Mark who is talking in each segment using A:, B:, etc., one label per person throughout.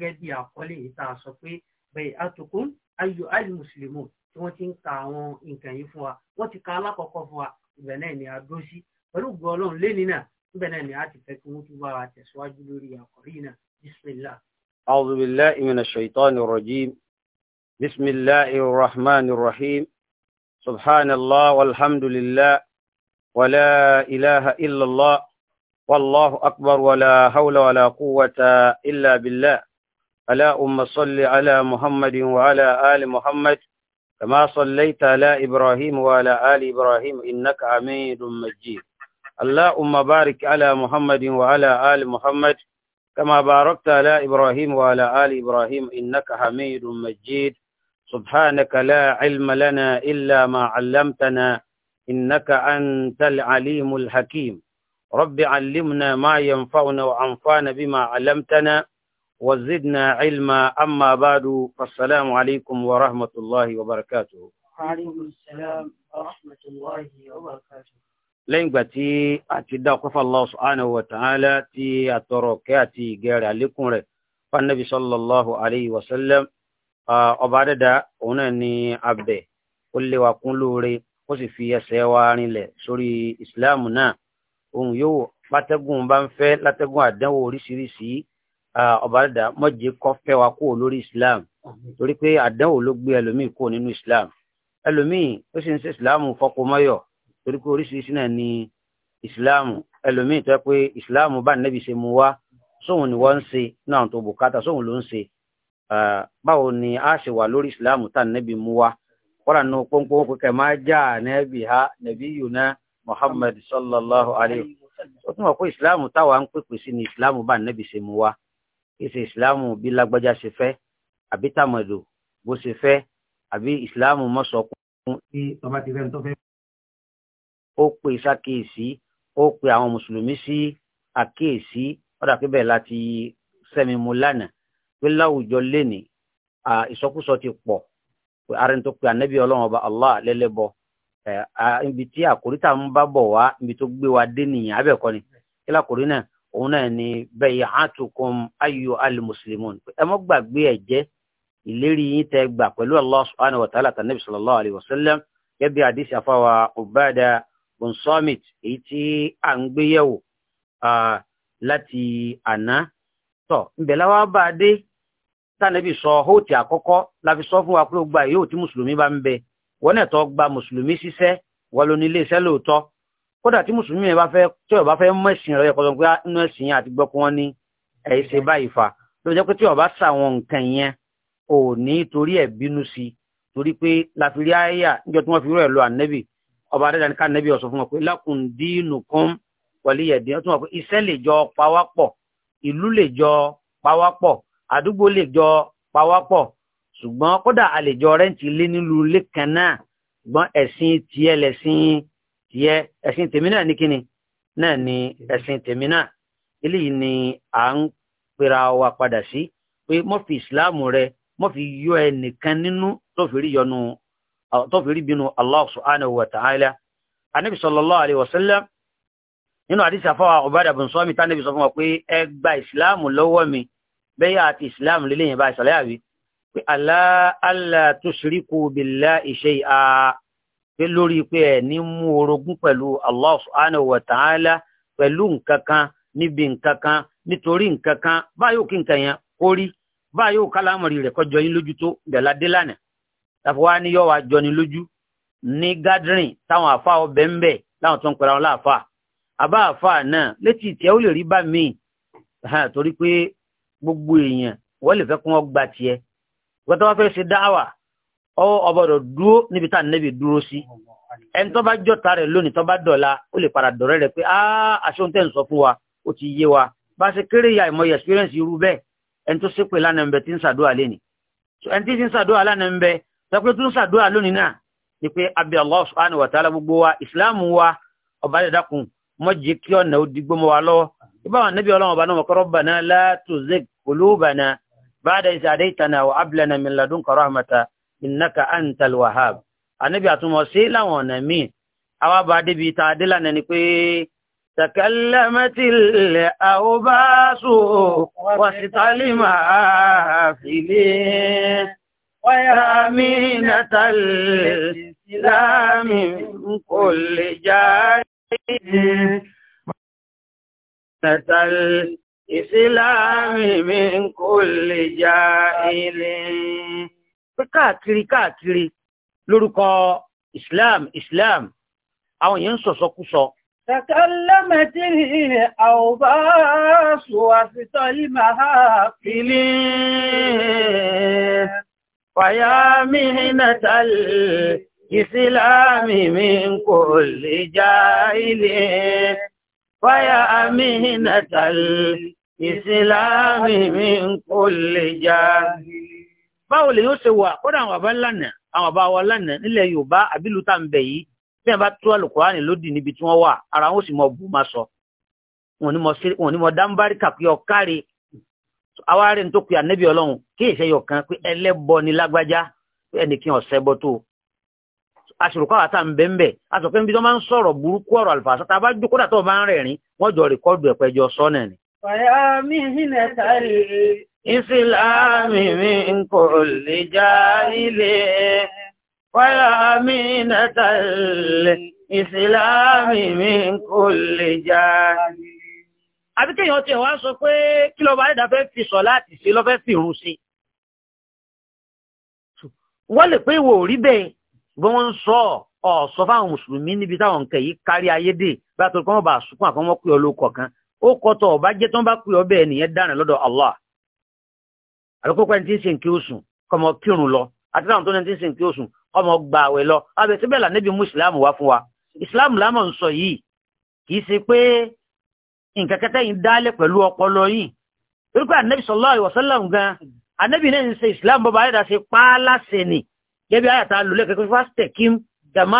A: gẹ́gẹ́ bí àkọlé yìí sọ pé bẹ́ẹ̀ àtòkún ayò alimusulimu tí wọ́n ti ń ka àwọn nǹkan yìí fún wa wọ́n ti ka alákọ̀ọ́kọ́ fún wa ibẹ̀ náà ni a dó sí pẹ̀lú gbọ́ ọlọ́run lẹ́ni náà ibẹ̀ náà ni a ti fẹ́ kí wọ́n tún bá wa tẹ̀síwájú lórí àkọ́rí náà bismillah.
B: أعوذ بالله من الشيطان الرجيم بسم الله الرحمن الرحيم سبحان الله والحمد لله ولا إله إلا الله والله أكبر ولا حول ولا قوة إلا بالله اللهم صل على محمد وعلى آل محمد كما صليت على إبراهيم وعلى آل إبراهيم إنك عميد مجيد اللهم بارك على محمد وعلى آل محمد كما باركت على إبراهيم وعلى آل إبراهيم إنك حميد مجيد سبحانك لا علم لنا إلا ما علمتنا إنك أنت العليم الحكيم رب علمنا ما ينفعنا وأنفعنا بما علمتنا وزدنا علما أما بعد فالسلام عليكم ورحمة الله وبركاته
A: وعليكم السلام ورحمة الله وبركاته
B: lẹ́yìn ìgbà tí a ti dá ọkọ́ fàlọ́ subhanahu wa ta'ala tí a tọrọ kẹ́ àti gẹ̀rẹ̀ àlékún rẹ̀ fanabi sallallahu alayhi wa sallam ọba dẹ́dà òun náà ni abẹ ó léwa kún lóore ó sì fi ẹsẹ̀ wa rinlẹ̀ sórí ìsìláàmù náà ohun yòówù látẹ́gùn bá ń fẹ́ látẹ́gùn àdánwò oríṣiríṣi ọ̀bàdà mọ̀jì kọ́ fẹ́ wa kúrò lórí islam torí pé àdánwò ló gbé ẹlòmíì kúrò nínú islam ẹlòmíì ó sì ń ṣe islam fọkọmọyọ torí pé oríṣiríṣi náà ni islam ẹlòmíì tó yẹ pé islam bá nẹ́bí ṣe mu wá sóhun ni wọ́n ń ṣe náà tó bùkátà sóhun ló ń ṣe ah, báwo ni a ṣe wà lórí islam tá nẹ́bí mu wá
A: kọ́ra nù pọ́npọ́n pé máa já nẹ́bí ha nẹ́bí yuna muhammad sallallahu alayhi wa sallam ó tún wà pé islam táwa ń pèpè sí ni islam bá nẹ́bí ṣe mu wá ìṣe ìsìláàmù bí lágbájá ṣe fẹ́ àbí tàmọ̀dò bó ṣe fẹ́ àbí ìsìláàmù mọ́sọ̀kún.
B: tí ọba ti fẹ́ ń tọ́ fẹ́.
A: ó pe ìṣàkíyèsí ó pe àwọn mùsùlùmí sí àkíyèsí ọ̀dà pé bẹ́ẹ̀ láti sẹ́mi mu lánàá pé láwùjọ lẹ́nì ìsọkúsọ ti pọ̀ pé arin tó pe ànábì ọlọ́run ọba allah lẹ́lẹ́bọ ibi tí àkòrí tá à ń bá bọ̀ wá ibi tó gbé wa dé nìyẹn abẹ́ẹ̀kọ́ ni kí lákòrí náà òun náà ni bay'atukum ayyu al-muslimun ẹ mọ́ gbàgbé ẹ̀jẹ́ ìlérí yín tẹ́ gbà pẹ̀lú Allah subhanahu wa ta'ala tànàbí sallallahu alayhi wa sallam gẹ́gẹ́ bí àdìsí afáwa Ubada bin Samit èyí tí à ń gbé yẹ̀wò láti àná tọ̀ ǹbẹ̀ láwa bá a dé tànàbí sọ hóòtì àkọ́kọ́ láfi sọ fún wa pé ó gba yóò tí mùsùlùmí bá ń bẹ wọ́n náà tọ́ gba mùsùlùmí ṣiṣẹ́ wọ́n lóní iléeṣẹ́ lóòótọ́ kódà tí mùsùlùmí ẹ bá fẹ́ tí ọba fẹ́ mọ ẹ̀sìn rẹ kọsọ pé ah, inú ẹ̀sìn yẹn àti gbọ́ pé wọn ní ẹsẹ báyìí fa ló jẹ́ pé tí ọba sà wọn nǹkan yẹn ò ní torí ẹ bínú sí torí pé láfírí àyà níjọ tí wọn fi rẹ lọ ànẹbì ọba adéjà ní ká ànẹbì ọsọ fún wọn pé lákùn dínú kún wọlé yẹdí wọn tún wọn pé iṣẹ́ lè jọ pawápọ̀ ìlú lè jọ pawápọ̀ àdúgbò lè jọ pawápọ̀ ṣùgbọ́n kódà àlejò rẹǹtì lé nílùú lẹkànnà ṣùgbọ́n ẹ̀sìn tiẹ̀ lẹsìn tìyẹ ẹ̀sìn tèmi náà ní kíni náà ni ẹ̀sìn tèmi náà eléyìí ni à ń pera wa padà sí pé mọ́ fi ìsìláàmù rẹ mọ́ fi yọ ẹnìkan nínú tó fi rí yọnu tó fi rí bínú Allah subhanahu wa ta'ala anabi sallallahu alayhi wa sallam nínú àdìsí àfọwà Ubadah bin Samit tánàbí sọ fún wa pé ẹ gba ìsìláàmù lọ́wọ́ mi bẹ́yà àti ìsìláàmù lélẹ́yìn báyìí sàlẹ́ àbí pé Allah alla tushriku billahi shay'a pé lórí pé ẹ ní mú orogún pẹ̀lú Allah ta'ala pẹ̀lú nǹkan kan níbi nǹkan kan nítorí nǹkan kan báyò kí nǹkan yẹn kó rí báyò kálámọ̀rì rẹ̀ kọjọ yín lójú tó dẹ̀ládé lánàá tàfọ̀ wá ní yọ̀ wá jọni lójú ní gádírìn táwọn àfa ọbẹ̀ ń bẹ̀ láwọn tó ń pẹ̀lú àwọn láàfà àbá àfa náà létí ìtẹ́ ó lè rí bá mi torí pé gbogbo èèyàn wọ́n lè fẹ́ kún ọgbà tiẹ̀ gbọ́dọ̀ wá fẹ́ ṣe dáwà ọbọdọ̀ dúró níbi tá nẹ́bì dúró sí ẹni tó bá jọta rẹ̀ lónìí tó bá dọ̀la ó lè padà dọ̀rẹ́ rẹ̀ pé aṣọ tẹ́ ń sọ fún wa ó ti yé wa bá ṣe kéré ya ìmọ̀ye experience irú bẹ́ẹ̀ ẹni tó ṣépè lánàá ń bẹ tí ń ṣàdúrà lẹ́nìí ẹni tí ń ṣàdúrà lánàá ń bẹ tọ́pẹ́ tó ń ṣàdúrà lónìí náà ni pé abi Allah subhanahu wa ta'ala gbogbo wa ìsìláàmù wa ọba dẹ̀dàkùn mọ́jì kí ọ̀nà ó digbó mọ́ wa lọ́wọ́ ìbáwọn anábì ọlọ́run ọba náà wọ́n kọ́rọ́ bàná la tuzigh qulubana ba'da idh hadaytana wa hab lana min ladunka rahmatan innaka antal wahhab ànábì àtúmọ̀ sí láwọn ọ̀nà míì awábà débi ta adélànà ni pé takallamatil awbasu wasitalima fili wayaminatal islami kulli jahili natal islami min kulli jahili pé káàkiri káàkiri lórúkọ islam islam àwọn èèyàn ń sọ̀sọ́kúsọ. تكلمت الأوباس وسط المحافل فيا مهنة الإسلام من كل جاهل فيا مهنة الإسلام من كل جاهل báwo lè yóò ṣe wà kódà àwọn bàbá lánàá àwọn bàbá wa lánàá nílẹ̀ yorùbá àbílù tá ń bẹ yìí bí wọn bá tú àlùkùránì lódì níbi tí wọn wà ara wọn sì mọ bù máa sọ wọn ni mo dáńbárí kàpé ọkàrè àwa rẹ̀ ń tó pe ànẹ́bí ọlọ́run kí èsẹ́ yọ kan pé ẹlẹ́bọ ni lágbájá pé ẹnìkan ọ̀sẹ̀ bọ́ tó aṣèròkọ́ àtà ń bẹ́ ń bẹ̀ aṣọ pé níbi tí wọ́n máa ń sọ̀rọ̀ burúkú ọ̀rọ̀ àlùfàṣà tá a bá jókòó dà tó o bá ń rẹ̀rín wọ́n jọ rìkọ́dù ẹ̀pẹ́jọ sọ́nà ni. ọ̀yá mi hìnà sáré الإسلام من كل جاهل ولا مينة الإسلام من كل جاهل àbí kéèyàn tí wá sọ pé kí lọ́ba ẹ̀dá fẹ́ fi sọ láti ṣe lọ́fẹ́ fi hùn sí. wọ́n lè pé ìwò orí bẹ́ẹ̀ bí wọ́n ń sọ fáwọn mùsùlùmí níbi táwọn nǹkan yìí kárí ayé bá tó kọ́ bá ọ ó kọ́ àlùkópa ẹni tí ń ṣe nǹkan oṣù kọmọ kírun lọ àti láwọn tó ní ẹni tí ń ṣe nǹkan àwẹ̀ lọ abẹ síbẹ̀ là níbi mú ìsìláàmù wá fún wa ìsìláàmù lámọ̀ ń sọ yìí kì í ṣe pé nǹkan kẹtẹ yìí pẹ̀lú ọpọlọ yìí torí pé ànábì gan náà ń ṣe ìsìláàmù bọ́ba ṣe gẹ́bí ayàtà kẹ́kẹ́ kama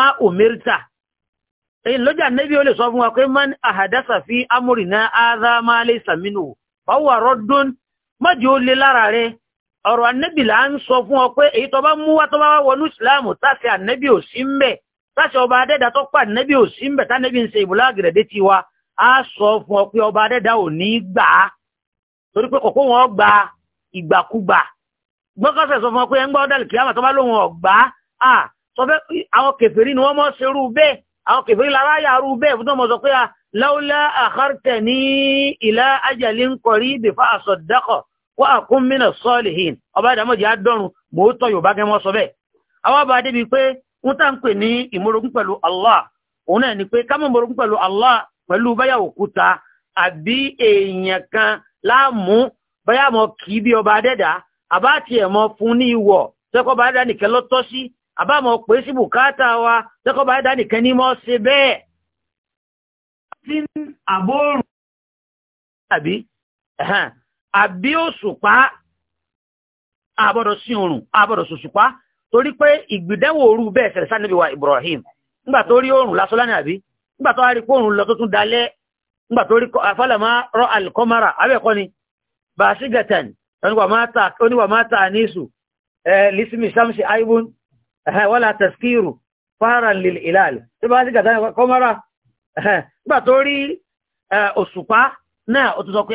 A: èyí lọ́jà ó lè sọ fún wa pé fi amúrìnà mọ́jì ó lé lára rẹ̀ ọ̀rọ̀ ànẹ́bì là ń sọ fún ọ pé èyí tó bá mú wá tó bá wá wọnú ìsìláàmù táṣẹ ànẹ́bì ò sí ń bẹ̀ táṣẹ ọba adẹ́dà tó pa ànẹ́bì ò sí ń bẹ̀ tánẹ́bì ń ṣe ìbúlá àgẹ̀rẹ̀dẹ́ ti wa á sọ fún ọ pé ọba adẹ́dà ò ní gbà á torí pé kòkó wọn gba ìgbàkúgbà gbọ́kọ̀sẹ̀ sọ fún ọ pé ẹ̀ ń gbọ́ dàlù kíyàmà tó bá lóun ọ̀gbá à sọ fẹ́ àwọn kèfèrí ni wọ́n mọ́ ṣerú bẹ́ẹ̀ àwọn kèfèrí lára yàrú bẹ́ẹ̀ fún tó mọ̀ sọ pé láúlá àkártẹ̀ ní ìlà ajalin qarib fa àsọ̀dákọ̀ wọ́n àkún mínà sọ́ọ̀lìhìn ọba ìdámọ̀jì àdọ́run mò ń tọ́ yorùbá gẹ́ wọ́n sọ bẹ́ẹ̀ àwọn ọba débi pé wọ́n tá ń pè ní ìmọ̀rogún pẹ̀lú Allah òun náà ni pé ká pẹ̀lú Allah pẹ̀lú báyà òkúta àbí èèyàn kan láàmú báyà mọ̀ bí ọba àbá tiẹ̀ mọ̀ fún ní ìwọ̀ àbí òṣùpá àbọ̀dọ̀ sí oòrùn àbọ̀dọ̀ torí pé ìgbìdẹ́wò bẹ́ẹ̀ ṣẹlẹ̀ sáà níbi wa Ibrahim nígbà tó rí oòrùn lásán lánàá àbí nígbà tó rí oòrùn lọ tó tún dalẹ̀ nígbà tó rí afálàmá rọ alìkọ́mára abẹ́ẹ̀kọ́ ni bàṣígẹ̀tàn aibun lil ilal náà ó tún sọ pé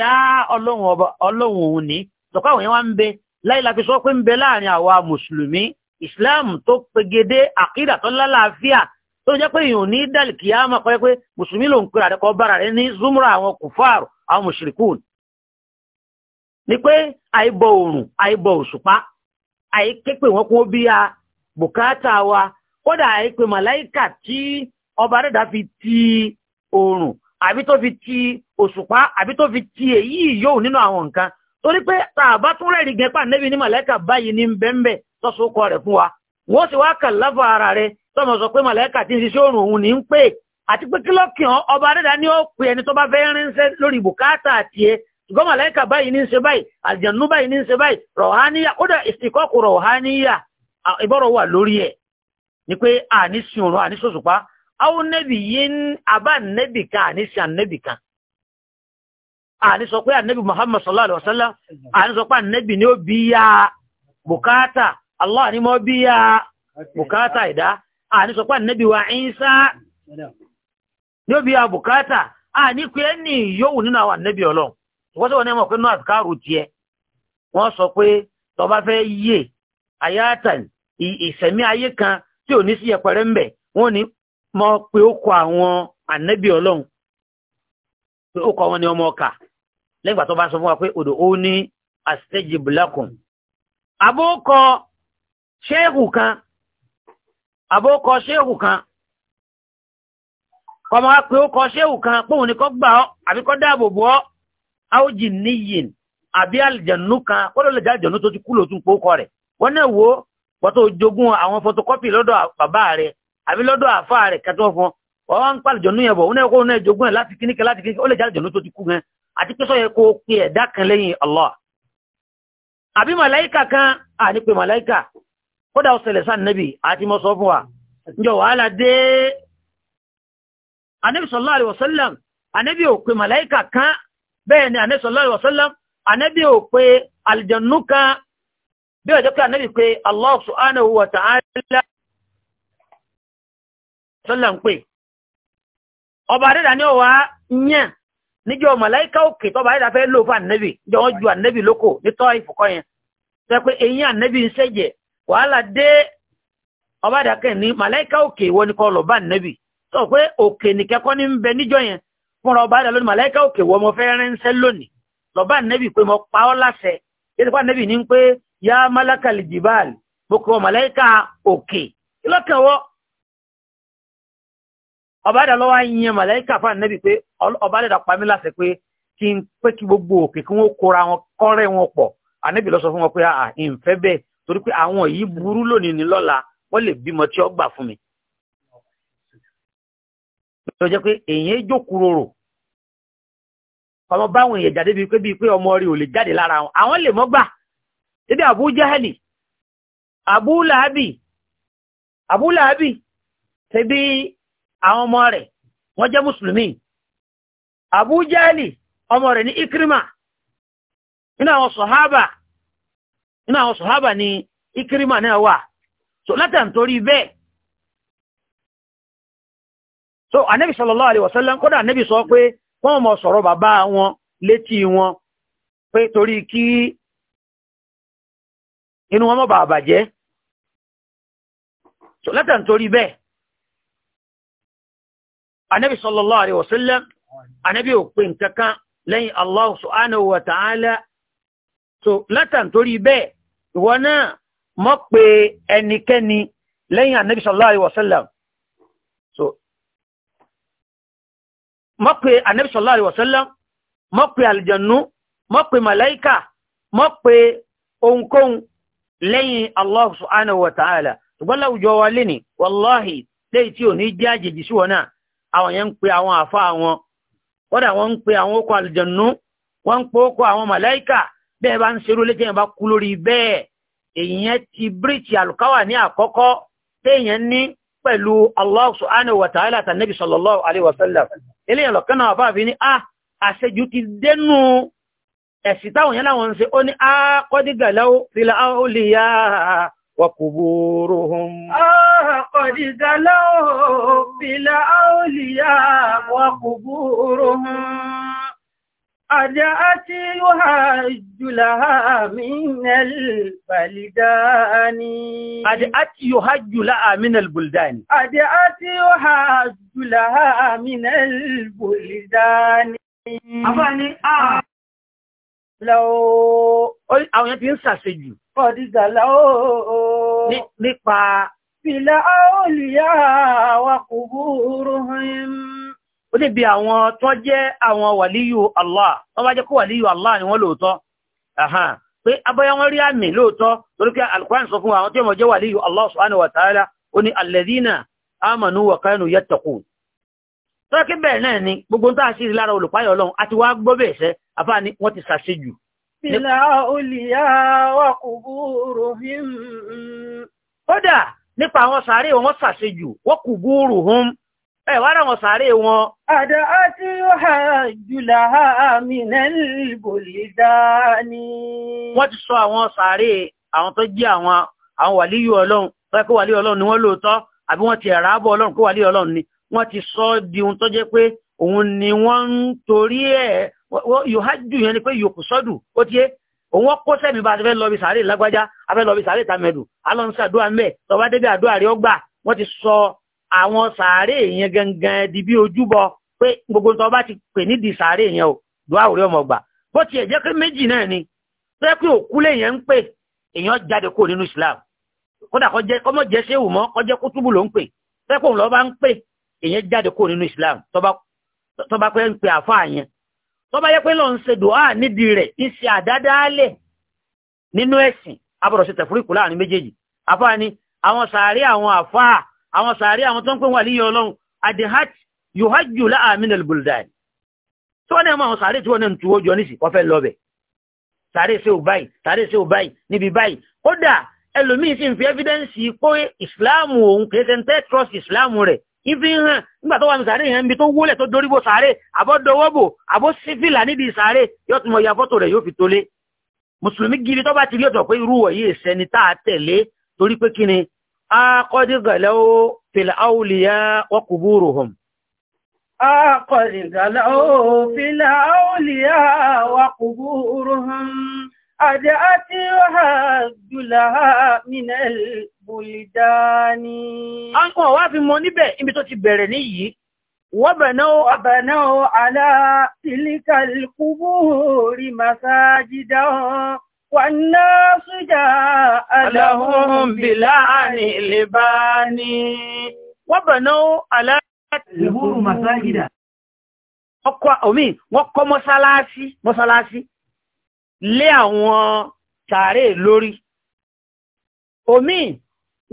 A: ọlọ́run òun ní sọ̀kọ́ àwọn yẹn wá ń bẹ láìla fi sọ pé ń bẹ láàrin àwa mùsùlùmí ìsìláàmù tó pegedé àkídà tó lálàáfíà tó jẹ́ pé èèyàn ní dàlì kìámà pẹ́ pé mùsùlùmí ló ń pè àdẹ́kọ̀ bára rẹ ní zumra àwọn kùfàr àwọn mùṣírikùn ni pé àìbọ òrùn àìbọ òṣùpá àìképe wọn kún bí a bùkátà wa kódà àìpé màláìkà tí ọba rẹ̀dá fi ti òrùn àbí tó fi ti òṣùpá àbí tó fi ti èyí yóò nínú àwọn nǹkan torí pé tàbá tún rẹ̀ rí gẹ́pà nẹ́bí ní màlẹ́kà báyìí ní bẹ́ẹ̀mbẹ́ tọ́sọ́kọ rẹ̀ fún wa wọ́n sì wá kà lábọ̀ ara rẹ̀ tọ́mọ̀ sọ pé màlẹ́kà ti ń ṣiṣẹ́ òrùn òun ní ń pè àti pé kílọ́kìán ọba adẹ́dá ní ó pè ẹni tó bá fẹ́ ránṣẹ́ lórí bùkátà ṣùgbọ́n báyìí ní ń ṣe báyìí báyìí ní ń àní sọ pé ànẹ́bì Muhammad sallallahu alaihi wasallam àní sọ pé ànẹ́bì ni ó bí ya bùkátà Allah ni mọ́ bí ya bùkátà ìdá àní sọ pé ànẹ́bì wa Ìsá ni ó bí ya bukata, àní pé ẹni yóò nínú àwọn ànẹ́bì ọlọ́run wọ́n wọn ní pé tiẹ̀ wọ́n tọba fẹ́ kan tí ò ní sí ń bẹ̀ wọ́n ní pé ó lẹ́gbà tó bá sọ fún wa pé odò ó ní astajib lakum abókọ ṣéèkù kan abókọ ṣéèkù kan kọmọ wa pé ó kọ ṣéèkù kan póun ni kọ́ gbà ọ́ àbí kọ́ dáàbò bò ọ́ áójì níyìn àbí àlìjẹ̀nú kan kó ló lè jẹ́ àlìjẹ̀nú tó ti kú lòtún pókọ rẹ̀ wọ́n náà wo pọ̀tó jogún àwọn fotokọ́pì lọ́dọ̀ bàbá rẹ̀ àbí lọ́dọ̀ àfáà rẹ̀ kẹtọ́ fún ọ wọ́n ń pàlìjọ̀nú yẹn bọ̀ wọ́n náà kó náà jogún ẹ̀ láti kíníkẹ́ láti kíníkẹ́ ó lè jẹ́ àlìjẹ̀nú tó ti kú gan àti pé sọ́yẹ kó pé ẹ̀dá kan lẹ́yìn Allah àbí màláìkà kan à ní pé màláìkà kódà ó ṣẹlẹ̀ sáà nẹ́bì àti mọ́ sọ fún wa ǹjọ wàhálà dé anẹ́bì sallallahu alaihi wasallam anẹ́bì ò pé màláìkà kan bẹ́ẹ̀ ni anẹ́bì sallallahu alaihi wasallam anẹ́bì ò pé aljannu kan bí ọjọ́ ọba adẹ́dà ni ó wá yẹn níjọ màláíkà òkè tọba ayédà fẹ́ lò fún ànẹ́bì jọ wọ́n ju ànẹ́bì lóko ní tọ́ ìfọ̀kọ́ yẹn sọ pé eyín ànẹ́bì ń ṣẹ̀jẹ̀ wàhálà dé ọba dàkẹ́ ní màláíkà òkè wọ́n ní kọ́ lọ bá ànẹ́bì sọ pé òkè nìkẹ́kọ́ ní ń bẹ níjọ yẹn fúnra ọba ayédà lónìí màláíkà òkè wọ́n mọ fẹ́ rẹ́ńṣẹ́ lónìí lọ bá ànẹ́bì pé mo pa ọ́ láṣẹ yẹtí pa ànẹ́bì ní pé yá málákàlì jìbáàlì mo kọ́ òkè kí ọba dà lọ́wọ́ yẹn màláìkà fún ànábì pé ọba dà pa mí láṣẹ pé kí n pé kí gbogbo òkè kí wọ́n kóra wọn kọ́rẹ́ wọn pọ̀ ànábì lọ sọ fún wọn pé àà ìǹfẹ́ bẹ́ẹ̀ torí pé àwọn yìí burú lónìí ní lọ́la wọ́n lè bímọ tí ó gbà fún mi. lọ jẹ́ pé èyàn jókòrò ọmọ báwọn èèyàn jáde bíi pé bíi pé ọmọ rí ò lè jáde lára wọn àwọn lè mọ́ gbà débi Abu Jahali Abu Lahabi Abu Lahabi ṣe bíi àwọn ọmọ rẹ̀ wọ́n jẹ́ mùsùlùmí Abu ọmọ rẹ̀ ní Ikirima. Iná àwọn sọ̀hábà ní Ikirima náà wà so látàn torí bẹ́ẹ̀ so anabi sallallahu alaihi anabi sọ pé wọ́n mọ̀ sọ̀rọ̀ bàbá wọn létí wọn pé torí kí inú wọn mọ̀ bàbàjẹ́ so látàn torí bẹ́ẹ̀ anabi sallallahu alayhi wa sallam anabi ò pè nǹkan kan lẹ́yìn allah subhanahu wa ta'ala so látàn torí bẹ́ẹ̀ ìwọ náà mọ̀ pé ẹnikẹ́ni lẹ́yìn anabi sallallahu alayhi wa sallam so mọ̀ pé anabi sallallahu alayhi wa sallam mọ̀ pé alìjẹ̀nu mọ̀ pé màláìkà mọ̀ pé ohunkóhun lẹ́yìn allah subhanahu wa ta'ala ṣùgbọ́n láwùjọ wa lé ní wàláhì lẹ́yìn tí ò ní jẹ́ àjèjì sí wọn náà àwọn yẹn ń pe àwọn àfa àwọn kódà wọ́n ń pe àwọn okò àlùjànnú wọ́n ń pe okò àwọn màláìkà bẹ́ẹ̀ bá ń ṣerú létí yẹn bá kú lórí bẹ́ẹ̀ èyàn ti bíríkì àlùkáwà ní àkọ́kọ́ téèyàn ní pẹ̀lú Allah subhanahu wa ta'ala àti Nabi sallallahu alaihi wa sallam eléyàn lọ̀kánà àbá àfi ní a ah, àṣejù ti dénú ẹ̀sì táwọn yẹn láwọn ń ṣe ó ní ah, وقبورهم آه قد دلوا بلا أولياء وقبورهم أدأت يهج لها من البلدان أدأت يهج لها من البلدان أدأت يهج لها من البلدان أفاني آه lọ́wọ́ àwọn yẹn ti ń sàṣejù. ọ̀dìgà lọ́wọ́. nípa. fìlà àwòlìyà wa kò búrú hàn. ó níbi àwọn tó jẹ́ àwọn wàlíyù Allah wọ́n bá jẹ́ kó wàlíyù Allah ni wọ́n lóòótọ́ pé abọ́yá wọn rí àmì lóòótọ́ torí pé Al-Qur'an sọ fún àwọn tí wọ́n jẹ́ wàlíyù Allah subhanahu wa ta'ala ó ní alladhina amanu wa kanu yattaqun tọ́kí bẹ́ẹ̀ náà ni gbogbo tá a sì rí lára olùpáyọ̀ ọlọ́run àti wá gbọ́ bẹ́ẹ̀ sẹ́ àfáà ni wọ́n ti ṣàṣejù. bílà olùyà wà kò búrò him. kódà nípa àwọn sàárè wọn ṣàṣejù wọ́n kò búrò him. ẹ wá wọn sàárè wọn. àdá àti ọ̀hà jùlá àmìnà ìbòlì dání. wọ́n ti sọ àwọn sàárè àwọn tó jẹ́ àwọn ni wọ́n ti sọ di ohun tó jẹ́ pé òun ni wọ́n ń torí ẹ̀ yòhájú yẹn ni pé yòókù sọ́dù ó tiẹ́ òun kó sẹ́mi bá fẹ́ lọ́bi sàárè lágbájá afẹ́ lọ́bi sàárè tàmẹ̀dù alonso àdúrà mẹ́ tọ́ba débi àdúrà rẹ̀ ó gbà wọ́n ti sọ àwọn sàárè yẹn gangan di bí ojúbọ pé gbogbo tọ́ba ti pè nídìí sàárè yẹn o dùá òrẹ́ ọmọ gbà bó tiẹ̀ jẹ́ pé méjì náà ni pé pé òkúlé yẹn ń pè èèyàn jáde kó nínú Islam kódà kọjẹ́ kọ́mọ̀ jẹ́ séwù mọ́ kọjẹ́ kútúbù ló ń pè pé kóun lọ́ bá ń pè èyàn jáde kó nínú islam tọba pé ń pe àfáà yẹn tọba yẹ pé lọ ń ṣe dùá nídìí rẹ̀ ń ṣe àdádálẹ̀ nínú ẹ̀sìn abọ̀rọ̀ ṣe tẹ̀fúríkù láàrin méjèèjì àfáà ni àwọn sàárì àwọn àfáà àwọn sàárì àwọn tó ń pè wà níyọ ọlọ́run adihat yuhajju láàmìn al-buldan tí wọ́n náà mọ àwọn sàárì tí wọ́n náà ń tuwó jọ nísì wọ́n fẹ́ lọ bẹ̀ sàárì ṣe ò báyìí sàárì ṣe ò báyìí níbi báyìí kódà ẹlòmíín sì ń fi evidence pé ìsìláàmù òun kìí ibi hàn nígbà tó wà ní sàárè yẹn níbi tó wólẹ̀ tó doríbo sàárè àbọ́dọwọ́bò àbó sífìlà nídìí sàárè yóò tún mọ ya fọ́tò rẹ̀ yóò fi tolé mùsùlùmí gidi tó bá ti rí ọ̀dọ̀ pé irú wọ̀nyí ìsẹni tá a tẹ̀lé torí pé kí ni a ó fil awliya wa kuburuhum. a ó fil awliya wa kuburuhum. Àdáàtíwà jùlá mínẹ̀l bùlìdáni. A ń kàn wá fi mọ níbẹ̀ ibi tó ti bẹ̀rẹ̀ ní yìí. Wọ́n bẹ̀ náà wọ́n bẹ̀ náà alá tìlíkàlùkúbùrì màsájídá wọ́n náà sújà aláhùn bìláàní lèbáni. Wọ́n bẹ̀ náà alá tìlíkàlùkúbùrì màsájídá. Wọ́n kọ́ mọ́sálásí, mọ́sálásí lé àwọn sàárè lórí omi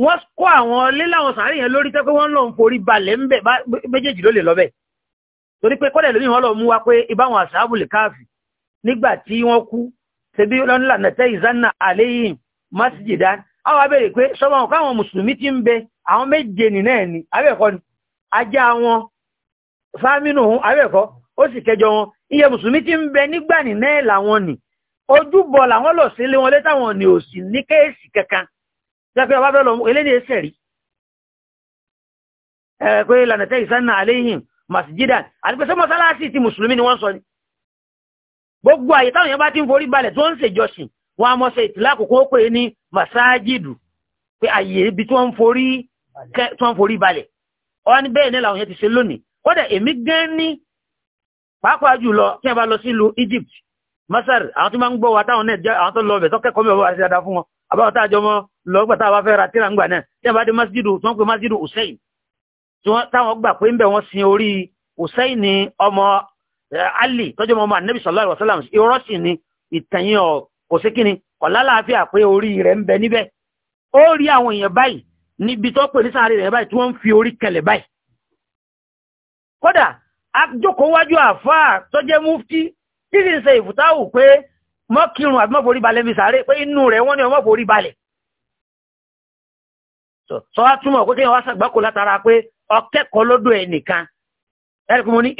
A: wọ́n kó àwọn lé láwọn sàárè yẹn lórí tẹ́kọ́ wọ́n lọ ń forí balẹ̀ ń bẹ̀ méjèèjì ló lè lọ́bẹ̀ torí pé kọ́lẹ̀ lómi wọ́n lọ mú wa pé ìbáwọn àṣàbùlẹ̀ káàfì nígbà tí wọ́n kú ṣebí lọ́nà nàtẹ́ ìzánà àléyìn masjidá àwọn abẹ́rẹ̀ pé sọ́wọ́n ọ̀ká àwọn mùsùlùmí ti ń bẹ àwọn ni abẹ́ẹ̀kọ́ ni ojúbọ làwọn lọ sílé wọn létàwọn ni ò sí ní kéèsì kankan jẹ́pẹ́ ọba fẹ́ lọ eléni ẹsẹ̀ rí ẹ pé lànà tẹ́ ìsánà aléhìn masjidan àti pé sọ́mọ́sálásì ti mùsùlùmí ni wọ́n sọ ni gbogbo àyè táwọn yẹn bá ti ń forí balẹ̀ tó ń ṣèjọsìn wọn a mọ̀ ṣe ìtìlá àkókò pé ní masájìdù pé àyè ibi tó ń forí balẹ̀ ọwọ́ ní bẹ́ẹ̀ ní làwọn yẹn ti ṣe lónìí kódà èmi gán ní pàápàá jùlọ tí a bá lọ sílùú Egypt masar àwọn tí ma ń gbọ́ wà táwọn náà jẹ́ àwọn tó lọ bẹ̀ tọ́kẹ́kọ́ mi ọba àti dada fún wọn àbáwọ̀tá àjọmọ́ lọ́gbàtà àbá fẹ́ ra tíra ń gbà náà tí a bá dé masjidu tí wọ́n pe masjidu hussein tí wọ́n táwọn gbà pé ń bẹ̀ wọ́n sin orí hussein ni ọmọ eh, ali tọ́jú ọmọ anabi sallallahu alaihi wasallam irọ́ sì ni ìtẹ̀yìn ọ̀ kò sí kíni kọ̀ lálàáfíà pé orí rẹ̀ ń bẹ níbẹ̀ ó rí àwọn èèyàn báyìí níbi tó pè ní sáré rẹ̀ báyìí tí wọ́n ń fi orí kẹlẹ̀ báyìí kódà ajókòó wájú àfáà tó jẹ́ mufti títí ṣe ìfùtáwù pé mọ́kírun àbí mọ́forí balẹ̀ mi sáré pé inú rẹ̀ wọ́n ní ọmọ forí balẹ̀ sọ wá túmọ̀ pé kéèyàn wá sàgbákò látara pé ọkẹ́kọ̀ọ́ lọ́dọ̀ ẹnìkan ẹ̀rí pé mo ní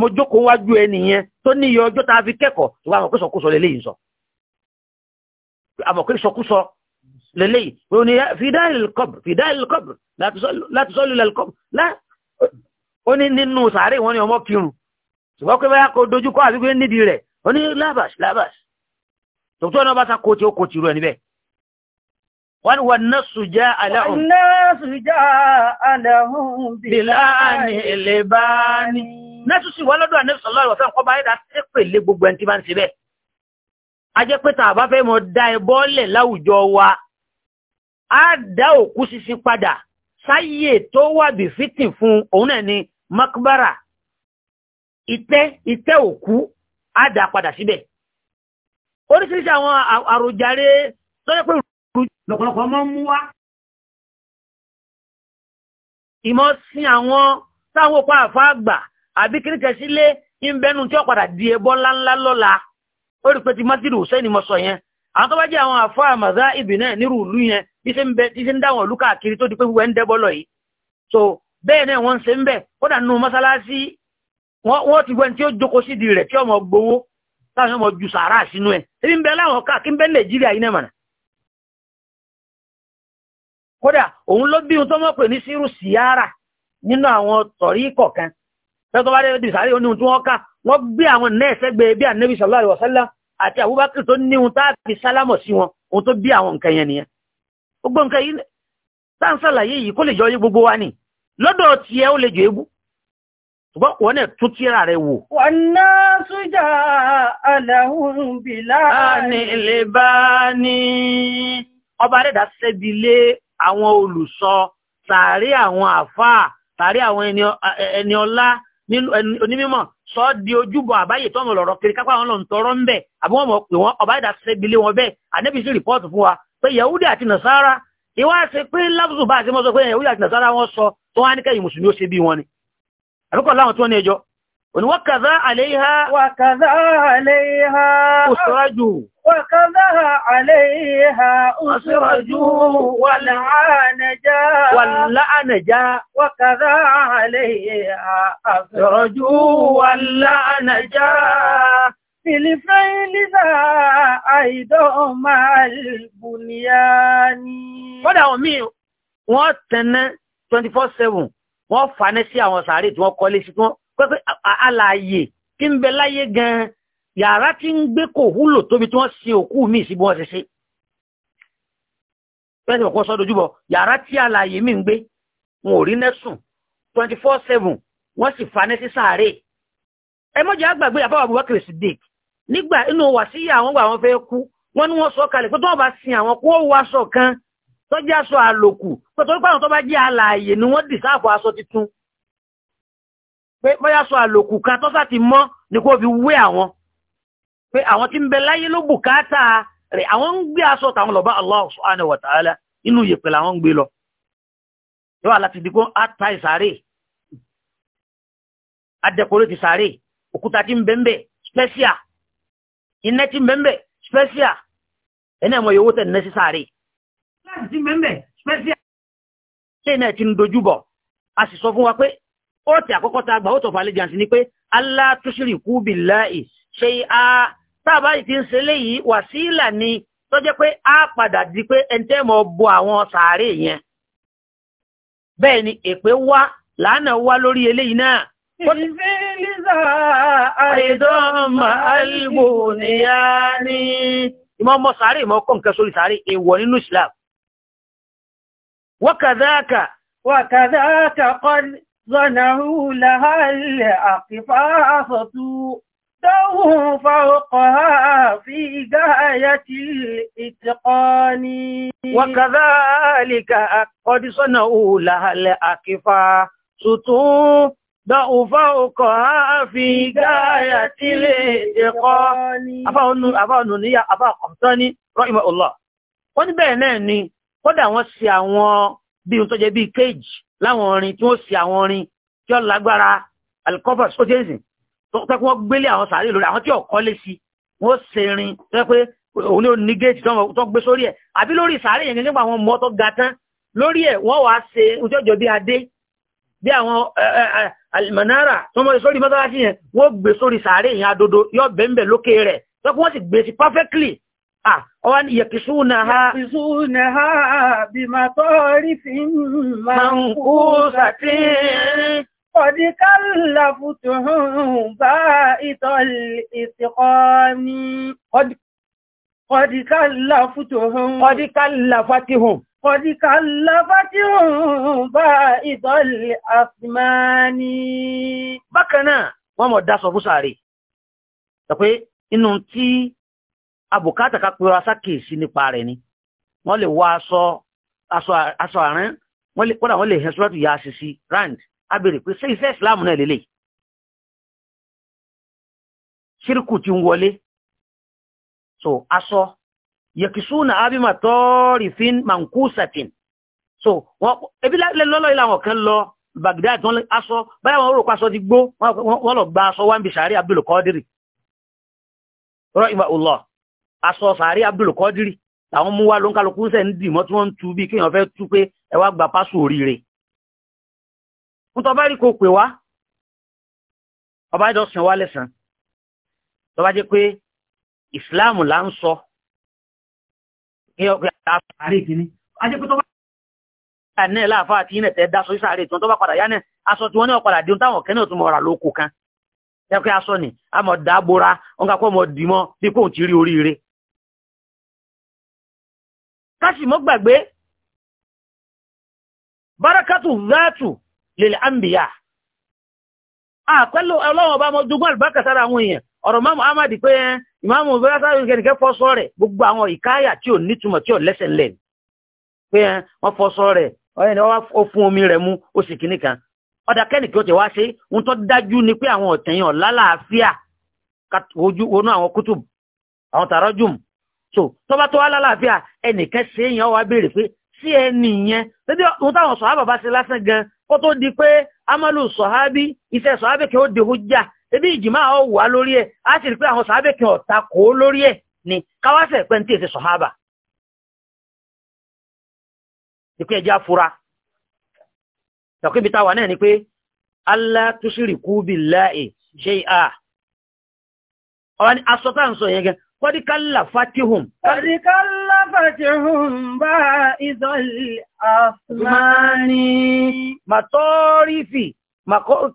A: mo jókòó wájú ẹnìyẹn tó ní ọjọ́ tá fi kẹ́kọ̀ọ́ ṣùgbọ́n pé báyà kò dojú kọ́ àbígbé níbi rẹ̀ ó ní lábàṣ lábàṣ tòótọ́ náà bá sá kó tí ó kó tìrú ẹ̀ níbẹ̀ wọ́n ni wọ́n náà sùjá aláhùn náà sùjá aláhùn bìláàní ìlébáàní náà tún sì wọ́n lọ́dọ̀ àníṣọ́ lọ́rọ̀ wa á dá òkú sísí padà sáyè tó wà bí fìtì fún òun náà ni makbara ite ìtẹ́ òkú á dà padà síbẹ̀ oríṣiríṣi àwọn àròjàre tó yẹ pé rú lọ́pọ̀lọpọ̀ mọ́ mú wá ìmọ̀ sí àwọn táwọn òpá àfá àgbà àbí kíríkẹ̀ sílé ìbẹ́nu tí ó padà di ẹbọ lọ́la ó rí pé ti másìlì sọ yẹn àwọn tó bá àwọn àfá ibì nírú ìlú yẹn bí ṣe ń tó di pé wíwẹ́ ń dẹ́bọ́ so bẹ́ẹ̀ náà wọ́n ń ń bẹ̀ wọ́n ti gbẹ́ni tí ó jókòó sídi rẹ̀ tí ọmọ gbowó táwọn ọmọ ju sàárà sínú ẹ̀ ebi ń bẹ láwọn ká kí ń bẹ nàìjíríà yìí nẹ́mọ̀nà kódà òun ló bí ohun tó mọ̀ pé ní sírù síyára nínú àwọn tọ̀rí kọ̀ọ̀kan tẹ́tọ́ bá dé ibi sàárè oníhun tí wọ́n ká wọ́n gbé àwọn nẹ́ẹ̀sẹ́ gbé bí ànẹ́bí sallallahu alaihi wasallam àti àbúbákì tó níhun tá fi sálámọ̀ sí wọn ohun tó bí àwọn nǹkan yẹn ṣùgbọ́n wọ́n náà tún tíra rẹ̀ wò. wọ́n náà sújà aláhùn bìlá ní ilé bá ní. ọba rẹ̀dá sẹ́bi lé àwọn olùsọ tààrí àwọn àfáà tààrí àwọn ẹni ọlá onímọ̀ sọ di ojúbọ àbáyé tọ́nà lọ̀rọ̀ kiri kápá àwọn lọ́n tọrọ ń bẹ̀ àbí wọ́n mọ̀ pé wọ́n ọba rẹ̀dá sẹ́bi lé wọn bẹ́ẹ̀ ànẹ́bí sí rìpọ́ọ̀tù fún wa pé Yahudi àti Nasara ìwá ṣe pé lábùsùn bá àti mọ́ sọ pé Yahudi àti Nasara wọ́n sọ tó wá ní kẹ́yìn mùsùlùmí ó ṣe bí wọn ni àbíkọ̀ láwọn tó ní ẹjọ́ òní wákàzá àléhá wákàzá àléhá òṣìṣọ́rájú wákàzá àléhá òṣìṣọ́rájú wàláànẹjá wàláànẹjá wákàzá àléhá òṣìṣọ́rájú wàláànẹjá Fìlìfẹ́ìlìsà àìdọ́ máa bùnìyà ni. Kọ́dà wọn mí, wọ́n tẹ̀nẹ́ 24/7 wọ́n faní sí àwọn sàárè tí wọ́n kọ́lé sí tí wọ́n pẹ́pẹ́ alààyè tí ń bẹ láyé gan yàrá tí ń gbé kò wúlò tóbi tí wọ́n sin òkú míì sí bí wọ́n ṣe ṣe pẹ́sì ọ̀pọ̀ sọ́dọ̀ yàrá tí alààyè míì ń gbé wọn ò rí nẹ́sùn twenty four seven wọ́n sì faní sí sàárè ẹ mọ́jà àgbàgbé àfọwọ́ Abubakar Siddiq nígbà inú wàsíyà àwọn gbà wọn fẹ́ kú wọ́n ní wọ́n sọ kalẹ̀ pé tí wọ́n bá sin àwọn kó wá sọ kan tó jẹ́ aṣọ àlòkù pẹ̀tọ́rí pàwọn tó bá jẹ́ alààyè ni wọ́n dìsáàfù aṣọ titun pé bóyá aṣọ àlòkù kan tó sá ti mọ́ ni kó fi wé àwọn pé àwọn tí ń bẹ láyé ló bùkátà rẹ̀ àwọn ń gbé aṣọ tàwọn lọ bá Allah subhanahu wa ta'ala inú yèpẹ̀ làwọn ń gbé lọ yóò àlá ti di kó ata ìsàárè adẹ́kọ̀ọ́lẹ́ special iná ti special ẹni àwọn yòówó tẹ̀ ní sáré láti ti mẹ́mẹ́ special. ṣé náà ti ń dojúbọ̀ a sì sọ fún wa pé ó ti àkọ́kọ́ ta gbà ó tọ̀fà lè jàǹsì ni pé Allah tushriku billahi ṣe a tábà ti ń ṣe léyìí wàsílà ni tó jẹ́ pé a padà di pé ẹni tẹ́ mọ̀ bo àwọn sàárè yẹn. bẹ́ẹ̀ ni èpè wá lánàá wá lórí eléyìí náà. Ìfẹ́lísà àìdọ́mà àìbò nìyá ni. Ìmọ̀ ọmọ sàárè ìmọ̀ kọ́ nǹkan sórí sàárè èèwọ̀ nínú ìsìlámù. وكذاك وكذاك قد ظنه لها الأقفاصة دو فوقها في غاية الإتقان وكذلك قد صنعوا لها الأكفاء سطو دو فوقها في غاية الإتقان أفا أنو نيا أفا قمتاني رحمه الله ونبعناني kódà wọ́n ṣe àwọn bí n tó jẹ́ bí kéèjì láwọn orin tí wọ́n ṣe àwọn orin tí wọ́n lágbára alikọ́fà sọ́jẹ́sì tó kí wọ́n gbélé àwọn sàárè lórí àwọn tí ọ̀kọ́ lé sí wọ́n ṣe rin tó pé òun ló ní géètì tó gbé sórí ẹ̀ àbí lórí sàárè yẹn nípa àwọn ọmọ tó ga tán lórí ẹ̀ wọ́n wá ṣe ìjọ́jọ́ bí adé bí àwọn almanara tó mọ́ sórí mọ́tọ́lá sí yẹn wọ́n gbé sórí sàárè yẹn adodo yọ bẹ́ẹ̀ lókè rẹ̀ tó kí sì gbé sí perfectly ọwọ́ ni yẹ̀kìṣúnà ha yẹ̀kìṣúnà ha bí ma tọ́rí fi ma ń kú sàtí ọdí kálà fútùhún bá ìtọ́lì ìsìnkọ́ ní ọdí kálà fútùhún ọdí kálà fátihùn ọdí kálà fátihùn bá ìtọ́lì àfìmáni bákanáà wọ́n mọ̀ dá sọ fúsàrí tàpé inú tí abùkátà ká pe aṣá kèsí nípa rẹ̀ ni wọ́n lè wọ aṣọ aṣọ àárín wọ́n lè kódà wọ́n lè hẹ́ sọ́tù ya àṣìṣì rand abèrè pé ṣé iṣẹ́ ìsìláàmù náà lélẹ̀ ṣírkù ti ń wọlé so aṣọ yẹkìsúnà abima tọ́rìfín so wọ́n ebi lọ́lọ́ ilé àwọn kan lọ wọn aṣọ báyà wọn rò wọn lọ gba aṣọ wọn bí sàárì Abdul aṣọ sàárì Abdul Kọ́dírì làwọn mú wá ló ń kálukú sẹ̀ ń dìmọ́ tí wọ́n ń tu bí kéèyàn fẹ́ tú pé ẹ wá gba pásù oríire ń tọ́ bá rí kó pè wá ọba ìjọ sìn wá lẹ́sàn tó bá jẹ́ pé ìsìláàmù là ń sọ kéèyàn pé àárè kìíní a jẹ́ pé tó bá rí àná láàfáà àti yínà tẹ́ dáṣọ ìsàárè tí wọ́n tó padà yá náà aṣọ tí wọ́n ní ọ̀padà dé táwọn kẹ́ni òtún mọ̀ra mọ̀ dábora wọn kà káṣì mọ́ gbàgbé bárakàtù záàtù lil anbiya àpẹ́lú ọlọ́wọ́ bá mọ́ dúgbọ́ àlùbákàtàrà àwọn èèyàn ọ̀rọ̀ máàmù amadi pé ìmáàmù bẹ́rẹ́sáàrù kẹ́nìkẹ́ fọ́sọ́ rẹ̀ gbogbo àwọn ìkáyà tí ò nítumọ̀ tí ò lẹ́sẹ̀ lẹ̀ pé wọ́n fọ́sọ́ rẹ̀ ọ̀yẹ́ ni ó fún omi rẹ̀ mú ó ni pé àwọn ọ̀tẹ̀yìn ọ̀lálàáfíà ojú wọnú àwọn kútùb àwọn tàrọ́jùm so tó bá tó wá lálàáfíà ẹnìkan ṣe é yẹn wá béèrè pé sí ẹni yẹn tẹ́tí ohun táwọn sọ̀hábà bá ṣe lásán gan kó tó di pé amalu sọ̀hábí iṣẹ́ sọ̀hábì kí ó di hujja tẹ́tí ìjìmá ọ̀ wà lórí ẹ̀ á sì rí pé àwọn sọ̀hábì kí ọ̀ta kò lórí ẹ̀ ni káwáṣẹ̀ pẹ́ ní tí èsì sọ̀hábà ìpín ẹja fura tọ̀kíbi táwà náà ni pé Allah tushriku billahi shay'a ọ̀rọ̀ ni asọ́tà ń sọ yẹn gẹ́gẹ́ Kọ́dí kálà fatihun. Kọ́dí kálà fatihun bá ìzọlì àfúnmáni. Màtọ́rífì,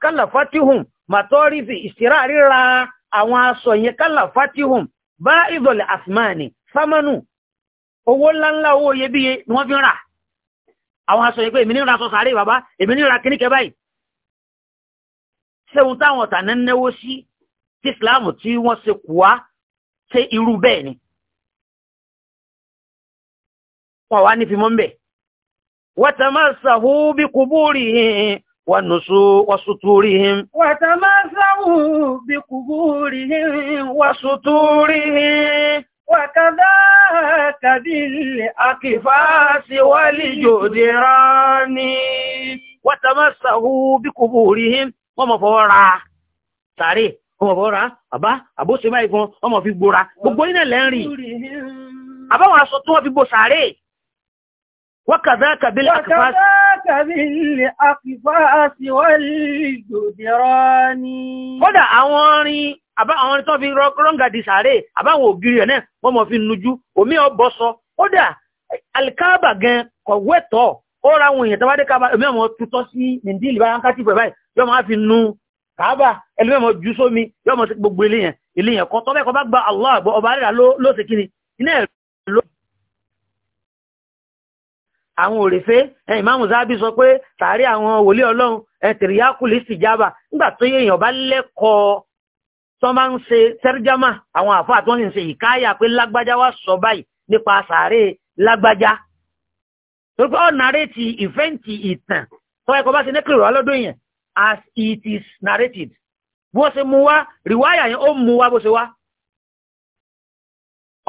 A: kálà fatihun, màtọ́rífì, ìṣirà ríra àwọn aṣọ yẹn kálà fatihun bá ìzọlì àfúnmáni. Sámánù, owó ńláńlá owó iyebíye ni wọ́n fi ń rà. Àwọn aṣọ yẹn pé sọ sàárè bàbá, èmi kíníkẹ báyìí. Ṣéun táwọn ọ̀tà náà sí, tí tí wọ́n ṣe kùá ṣé irú bẹ́ẹ̀ ni wọ́n wá ní fimọ́ mbẹ̀ watamassahu bi kuburihim wa nusu wa suturihim watamassahu bi kuburihim wa suturihim وكذاك بالأكفاس والجدران وتمسه بقبورهم ومفورا sáré ọmọ bọ́ra bàbá àbóṣe máa ìfọn ọmọ fi gbóra gbogbo nínú lẹ́rìn àbáwọn aṣọ tí wọ́n fi gbó sàárè wọ́n kàdá kàbílẹ̀ àkìfáàsì. kódà àwọn orin àbá àwọn orin tó fi rọ́ǹgà di sàárè àbáwọn fi nujú omi ọ̀bọ sọ kódà alikaba gan kọ̀wẹ́tọ̀ ó ra àwọn èèyàn tó bá dé kaba omi ọmọ tutọ́ sí nìdí ìlú bá kàábà ẹlùmẹ́ mọ̀ jù sómi yọ́ mọ̀ sí gbogbo eléyàn eléyàn kan tọ́bẹ́ kan bá gba Allah àgbọ́ ọba rírà ló ṣe kíni iná ẹ̀ ló àwọn òrèfé sọ pé tààrí àwọn wòlé ọlọ́run ẹ̀ tìrìyákùlì sì jábà nígbà tó yẹ èèyàn bá lẹ́kọ̀ọ́ tó máa ń ṣe tẹ́rìjámà àwọn àfáà tó ń ìkáyà pé lágbájá wá sọ báyìí nípa sàárè lágbájá pé ọ̀nà rẹ̀ ti ìfẹ́ǹtì ìtàn tọ́ as it is narrated bó ṣe mú wá rìwáyà yẹn ó mú wá bó ṣe wá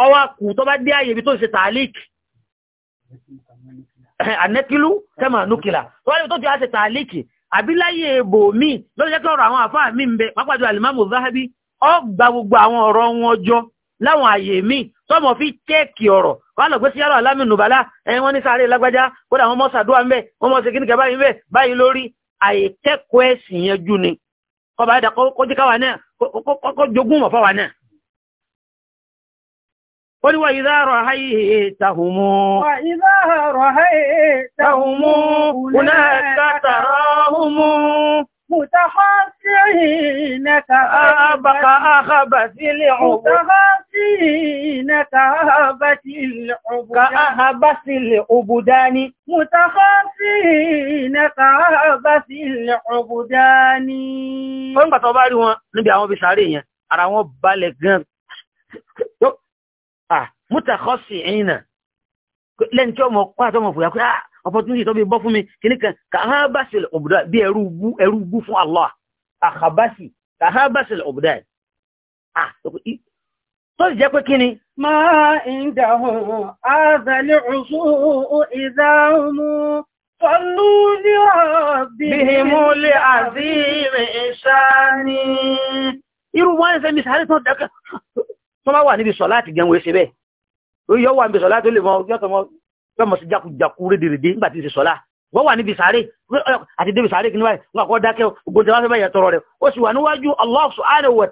A: ọwá kù tó bá dé ààyè ibi tó ṣe tààlík ànẹ́kílú tẹ́mà núkìlà tó wá níbi tó ti á ṣe tààlík àbíláyè èbò mi lọ́dún jẹ́ kí ọ̀rọ̀ àwọn àfáà mi ń bẹ pápájú alimamu zahabi ọ gba gbogbo àwọn ọ̀rọ̀ wọn jọ láwọn àyè mi tọmọ fi chẹ́ẹ̀kì ọ̀rọ̀ wọ́n lọ gbé sí yàrá alámì nùbálà ẹ̀yìn wọ́n ní sáré lágbájá kódà wọ́n mọ́ sàdúrà ń bẹ̀ wọ́n mọ́ sí kíníkà báyìí ń bẹ̀ báyìí lórí àìkẹ́kọ̀ọ́ ẹ̀sìn yẹn jù ni kọba ẹ̀dà kọjí káwà náà kọkọ́ jogún mọ̀ fáwà náà ó ní wà ìdáàrọ̀ àìyè tàhùmú ìdáàrọ̀ àìyè tàhùmú kùnà kátàrọ̀ hùmú متخاصعين كأبك أخبت العبور متخاصعين كأهبت العبدان كأهبت العبدان متخاصعين kàábà sí ilẹ̀ ọ̀bùdá ní. ó ń gbàtọ̀ bá rí wọn níbi àwọn ibi sáré yẹn ara wọn balẹ̀ gan. mútàkọ́sì ẹ̀yìn náà lẹ́yìn tí ọmọ opportunity tó bí bọ́ fún mi kìíní kan kàábà sí ilẹ̀ ọ̀bùdá bí Allah àkàbásì kàábà sí ilẹ̀ ọ̀bùdá yìí tó jẹ́ pé kíni. máa ń dàhùn àzàlẹ̀ òṣù ìdáhùn صلوا لربهم العظيم إشاني irú wọ́n ń sẹ́mi sáré tán dákẹ́ tó máa wà níbi sọ láti gẹ̀wò ẹsẹ̀ bẹ́ẹ̀ ó yọ wà níbi sọ láti ó lè mọ yọ́tọ̀mọ́ sí jákujàku rédèrèdè nígbà tí ń ṣe sọ́lá wọ́n wà níbi sáré àti débi sáré kí ní báyìí wọ́n àkọ́ dákẹ́ ògbóǹtẹ̀ wá fẹ́ yẹtọrọ rẹ̀ ó sì wà níwájú Allah subhanahu wa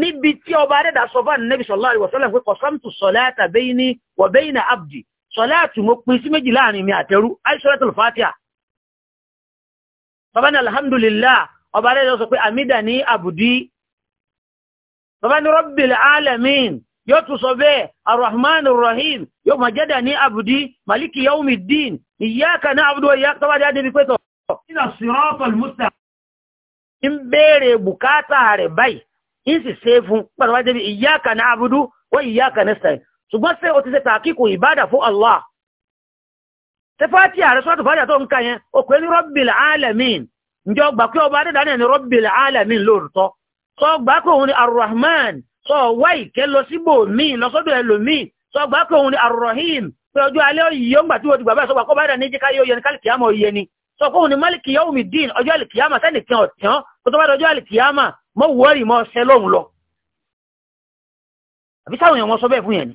A: níbi tí ọba adẹ́dà sọ fún ànínábì sallallahu alaihi wasallam pé qasamtu salata bayni wa bayna sọláàtì mo pín sí méjì láàrin mi àtẹrú aṣọ́lẹ́tọ̀lù fàtíà bàbá ní alhamdulillah ọba rẹ̀ sọ pé àmìdà ní àbùdí bàbá ní rọ́bìl alamin yóò tún sọ bẹ́ẹ̀ arrahman rahim yóò mọ̀ jẹ́dà ní àbùdí maliki yaumi din ìyáka ní àbùdó ìyá tọ́wà jáde ní pẹ́tọ̀ in béèrè bùkátà rẹ̀ báyìí in sì ṣe fún pàtàkì ìyáka ní ṣùgbọ́n ṣé o ti ṣe tàkíkù ìbádà fún Allah ṣe fàtí ààrẹ sọ́tù fàtí àtọ́ nǹkan yẹn o pè ní rọ́bìl alamin ǹjọ́ gbà pé ọba adédáni ni rọ́bìl alamin lóòótọ́ sọ gbà pé òun ni arrahman sọ wá ìkẹ́ lọ síbò míì lọ́sọ́dọ̀ ẹlòmíì sọ gbà pé òun ni arrahim pé ọjọ́ alẹ́ yíyọ́ ńgbà tí o ti gbà bá sọ gbà kọ́ bá dà ní jíká yóò yẹ ní kálíkìámọ̀ yẹ ni sọ èèyàn wọn sọ bẹ́ẹ̀ fún yẹn ni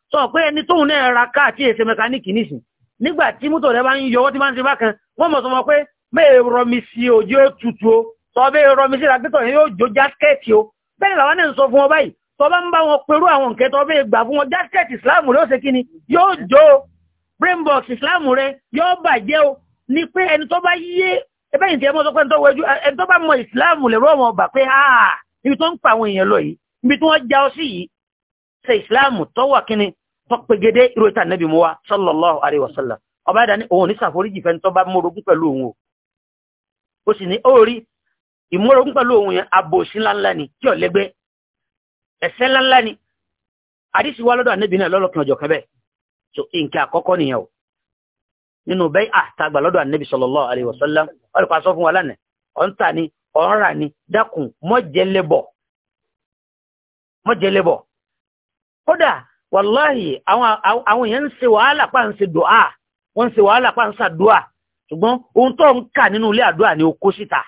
A: sọ pé ẹni tóun náà ra káà tí èsè mẹkaníìkì nìsín nígbà tí mọ́tò rẹ̀ bá ń yọ owó tí máa ń ṣe bákan wọ́n mọ̀ sọmọ pé mẹ́ẹ̀ e rọmi sí òjò tutù o sọ bẹ́ẹ̀ e rọmi sí ìràgbẹ́tọ̀ yẹn yóò jó jáskẹ́ẹ̀tì o bẹ́ẹ̀ làwọn náà ń sọ fún ọ báyìí tọ́ bá ń bá wọn perú àwọn nǹkan tọ́ bẹ́ẹ̀ gbà fún wọn jáskẹ́ẹ̀tì ìsìláàmù rẹ̀ ṣe kí ni yóò jó o brainbox ìsìláàmù rẹ̀ yóò bàjẹ́ o ni pé ẹni tó bá yé ẹbẹ́ yìí tí ẹ mọ́ sọ pé ẹni tó bá mọ ìsìláàmù lè rọ́ bà pé ibi tó ń pa àwọn èèyàn lọ yìí ibi tí wọ́n já ọ sí yìí ṣe ìsìláàmù tọ́wọ́ kíni tọ́pẹ̀gẹ́dẹ́ ìròyìn ànábì mú wa sallallahu alaihi wasallam ọba ẹ̀dá ní òun ní ṣàforíjì fẹ́ tó bá pẹ̀lú òun o ó sì ní orí ìmórogún pẹ̀lú òun yẹn ńláńlá ni kí ọ̀lẹ́gbẹ́ ẹ̀ṣẹ̀ ńláńlá ni àdísì wá lọ́dọ̀ ànábì náà lọ́lọ́kan ọjọ́ so àkọ́kọ́ nìyẹn o nínú bẹ́ẹ̀ àtàgbà lọ́dọ̀ ànábì sallallahu alaihi wasallam wa lánàá wàláhì àwọn èèyàn ń ṣe wàhálà pa ń ṣe dùá wọ́n ń se wàhálà pa ń ṣàdùá ṣùgbọ́n ohun tó ń kà nínú ilé àdúrà ni ó kó síta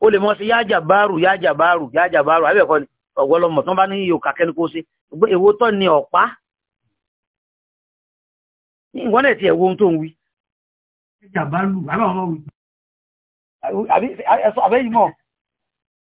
A: o lè mọ sí yájà báàrù yájà báàrù yájà báàrù àbẹ̀kọ́ ni ọ̀gbọ́lọmọ̀ tó bá ní iye òkà kẹ́ni kó ṣe ṣùgbọ́n èwo tọ́ ni ọ̀pá ìwọ́n náà ti ẹ̀wọ́ ohun tó ń wí. yájà báàrù àbẹ̀ ọmọ wí. àbẹ́ mọ̀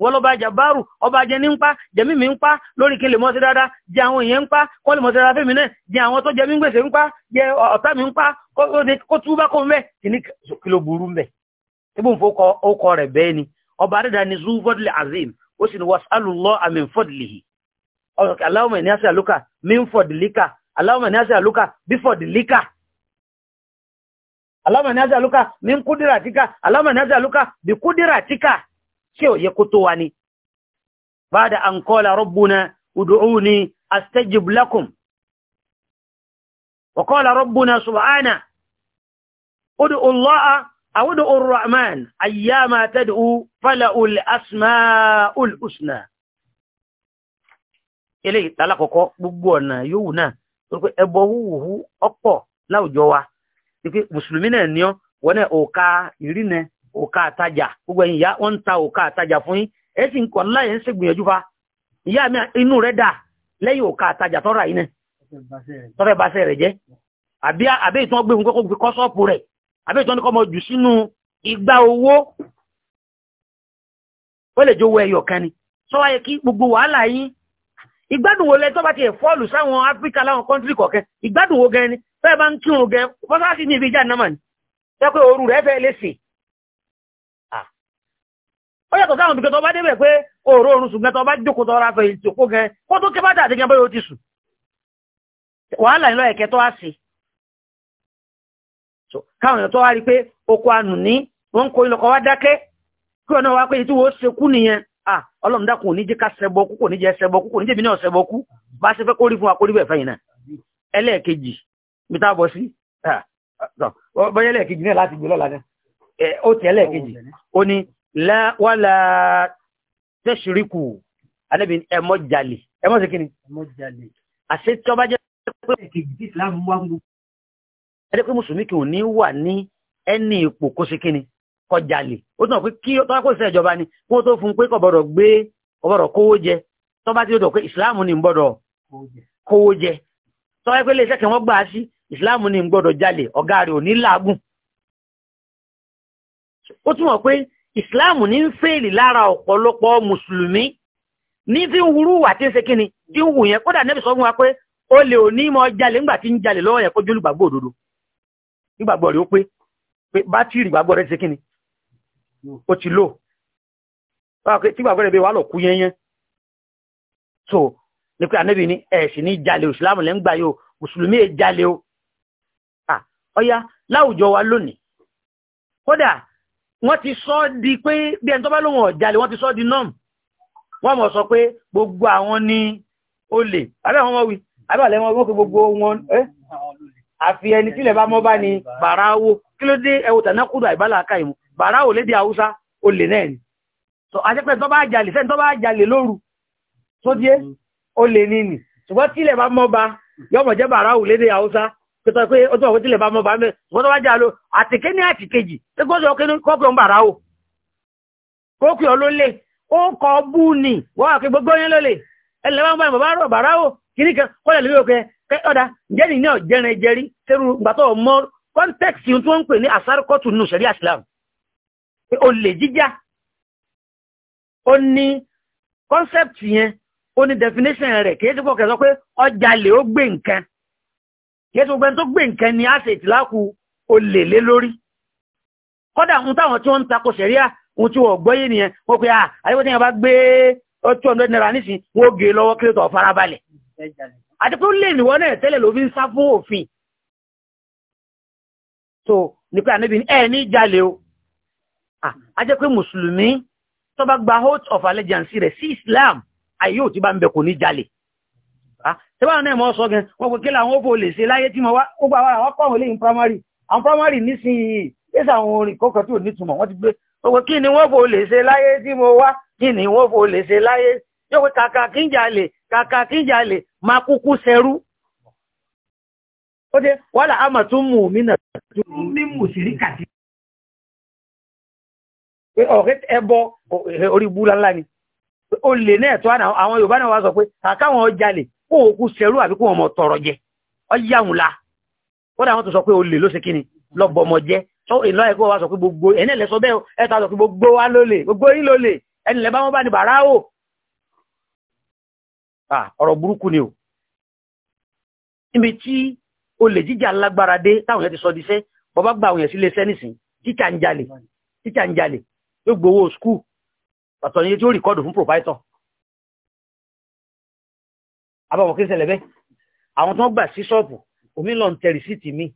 A: wọ́n lọ́ba jàbáàrù ọba jẹ ní ń pa jẹmí mi ń pa lórí kí n lè mọ́ sí dáadáa jẹ àwọn èèyàn ń pa kọ́ lè mọ́ sí dáadáa fẹ́mi náà jẹ àwọn tó jẹmí gbèsè ń pa jẹ ọ̀tá mi ń pa kó túbá kó ń bẹ̀ kìíní kí ló burú ń bẹ̀ ibùn fọ́kọ́ rẹ̀ bẹ́ẹ̀ ni ọba àdẹ́dà ni zu fọ́dìlì azim ó sì ní wasalullah àmì fọ́dìlìhì Allahumma inni as'aluka min fọ́dìlìkà Allahumma inni as'aluka bí fọ́dìlìkà Allahumma inni as'aluka min kúdìràtíkà ṣé ò yẹ kó tó wa ni bada an qala rabbuna ud'uni astajib lakum wa qala rabbuna subhana ud'u allaha aw ud'u ar-rahman ayyama tad'u fala'ul asma'ul husna eléyìí tàlákọ̀ọ́kọ́ gbogbo ọ̀nà yòówù náà torí pé ẹbọ wúwùú ọ̀pọ̀ láwùjọ wa wípé mùsùlùmí náà ní ọ wọn náà òka ìrìnà òkà àtajà gbogbo ẹ̀yin ìyá wọ́n ń ta òkà àtajà fún yín ẹ sì ń kọ́ ńlá yẹn ń ṣe gbìyànjú fa ìyá mi inú rẹ̀ dà lẹ́yìn òkà àtajà tọ́ra yìí náà tọ́fẹ́ baṣẹ́ rẹ̀ jẹ́ àbí àbẹ́ ìtàn gbé fún kókó fi kọ́ sọ́ọ̀pù rẹ̀ àbẹ́ ìtàn ní kọ́ mọ jù sínú igba owó ó lè jówó ẹyọ kan ni sọ wáyé kí gbogbo wàhálà yín ìgbádùn wo lẹ tó bá ti fọ́ọ̀lù sáwọn áfíríkà láwọn kọ́ńtírì kọ̀ọ̀kan ìgbádùn wo gan ni fẹ́ẹ̀ bá ń kírun gan mọ́sáàsì ní ibi ìjà náà mà ní pé ooru rẹ̀ fẹ́ lè sè ọ yàtọ̀ sáwọn ibi kẹtọ bá débẹ̀ oro òòrò oorun sùn mẹ́tọ bá jókòó tọ́ ra fẹ̀yìntì òpó gan kó tó ké bá dà àdégan bóyá ó ti sùn wàhálà ńlọ ẹ̀kẹ́ tó á sí káwọn èèyàn tó wá rí pé oko anù ní wọ́n ń kó ilọ̀kọ̀ wá dákẹ́ kí ọ̀nà wá pé tí wọ́n ṣe kú nìyẹn ah ọlọ́run dákun ní jẹ́ ká ṣẹbọ wàlá tẹ́ṣìríkù anábì ẹmọ jalè ẹmọ sí kíni ẹmọ jalè àṣẹ tí ọba jẹ́ pé ìkejì tí islam wá ń gbogbo ẹni pé mùsùlùmí kì ò ní wà ní ẹni ipò kó sí kíni kó jalè ó tàn pé kí tọ́wá kó sí ìjọba ni kó tó fún pé kò gbọ́dọ̀ gbé kò kówó jẹ tọ́ba ti lọ́dọ̀ pé islam ni ń gbọ́dọ̀ kówó jẹ tọ́wá pé iléeṣẹ́ kí wọ́n gbà á sí islam ni ń gbọ́dọ̀ jalè ọ̀gá rẹ̀ ò ní làágùn ó túmọ̀ pé ìsìláàmù ní ń fèèlì lára ọ̀pọ̀lọpọ̀ mùsùlùmí ní fi ń hurú wà tí ń ṣe kíni tí ń hù yẹn kódà nẹ́bì sọ fún wa pé ó lè ò ní mọ jalè ńgbà tí ń jalè lọ́wọ́ yẹn kó jólù gbàgbọ́ òdodo nígbàgbọ́ rẹ̀ ó pé pé bátìrì gbàgbọ́ rẹ̀ ti ṣe kíni ó ti lò tí gbàgbọ́ rẹ̀ bí wà lọ kú yẹn yẹn so ní pé anẹ́bì ní ẹ̀sìn ní jalè ìsìláàmù lẹ́ ń gbà yóò mùsùlùmí è jalè o ọya láwùjọ wa lónìí kódà wọ́n ti sọ di pé bí ẹni tó bá lóhun ọ̀jalè wọ́n ti sọ di norm wọ́n mọ̀ sọ pé gbogbo àwọn ni olè àbẹ́ àwọn ọmọ wí àbẹ́ àlẹ́ wọn wọ́n gbogbo wọn ẹ́ àfi ẹni tílẹ̀ bá mọ́ bá ni bàráwó kí ló dé ẹwọ tànákùdù àìbálà àkàìmù bàráwó lédè haúsá olè náà ni so àjẹ́pẹ́ tó bá jalè sẹ́ni tó bá jalè lóru tó díẹ̀ olè ní nì ṣùgbọ́n tílẹ̀ bá mọ́ pẹ̀tọ́ pé ọjọ́ òwe tilẹ̀ bá mọ́ bá mẹ́ gbọ́dọ̀ wá jà ló àtìké ní àtìkejì tó gbọ́dọ̀ ọkẹ́ ní kọ́pẹ́ ń bàrà o kókè ọ ni wọ́n àti gbogbo yẹn lólè ẹlẹ́ bá ń báyìí bàbá rọ̀ bàrà kan kọ́lẹ̀ lórí òkè ní jẹ́rí gbàtọ̀ mọ́ tí wọ́n pè ní asárkọ́tù nù sẹ́rí olè definition rẹ̀ pọ̀ pé ọjà yẹ́tù gbẹ́n tó gbé nǹkan ni asset lákú olè lé lórí kọ́dà ń táwọn tí wọ́n ń takò sẹ̀ríà ń tí wọ́n gbọ́yé nìyẹn wọ́n pe àyẹ́wò tí wọ́n bá gbé two hundred naira nísìn wọ́n gé e lọ́wọ́ kí ló tọ̀ farabalẹ̀ àti lè nìwọ́ náà tẹ́lẹ̀ ló fi ń sá fún òfin so ní pé àníbi ẹ̀ ní jalè o a jẹ́ pé mùsùlùmí tó bá gba oath of allegiance rẹ̀ sí Islam ayé òtí bá ń bẹ kò ní jalè tẹ́bà náà mọ́ sọ gan wọ́n pé kí làwọn òfò lè ṣe láyé tí mo gbà wá àwọn pàwọn lẹ́yìn primary àwọn primary nísìnyìí yíṣà àwọn orin kọ́kọ́ tí ò nítumọ̀ wọ́n ti gbé gbogbo kí ni wọ́n fò lè ṣe láyé tí mo wá kí ni wọ́n fò lè ṣe láyé yóò pé kàkà kí ń jalè kàkà kí ń jalè máa kúkú ṣẹrú. ó dé wàhálà àmà tún mú mi nà tún mí mú sírí kàtí. ọ̀rẹ́ ẹbọ àwọn Yorùbá náà wá sọ pé kàkà wọn jalè kó o kú sẹ́rú àbí kó wọn mọ̀ tọrọ jẹ ọ yáwùn la ó dà wọn tó sọ pé o lè ló ṣe kí ni lọ́bọmọ jẹ́ tó ìlọ ẹ̀kọ́ wa sọ pé gbogbo ẹ̀nà ilẹ̀ bẹ́ẹ̀ ẹ̀ta sọ pé gbogbo wa ló lè gbogbo yìí ló lè ẹni lẹ́bá wọn bá ní bàrá o ọ̀rọ̀ burúkú ni o níbi tí o lè jíjà lágbára dé táwọn yẹn ti sọ diṣẹ́ bọ́bá gba àwọn yẹn sí iléeṣẹ́ nìsín títà ń jalè títà ń jalè yóò gbowó skul ọ̀tọ̀ ni tí ó rìkọ́dù fún pòfáìtọ̀ àbáwọ̀ kí ṣẹlẹ̀ bẹ́ẹ̀ àwọn tó ń gbà sí ṣọ́ọ̀bù omi lọ ń tẹ rìsíìtì mi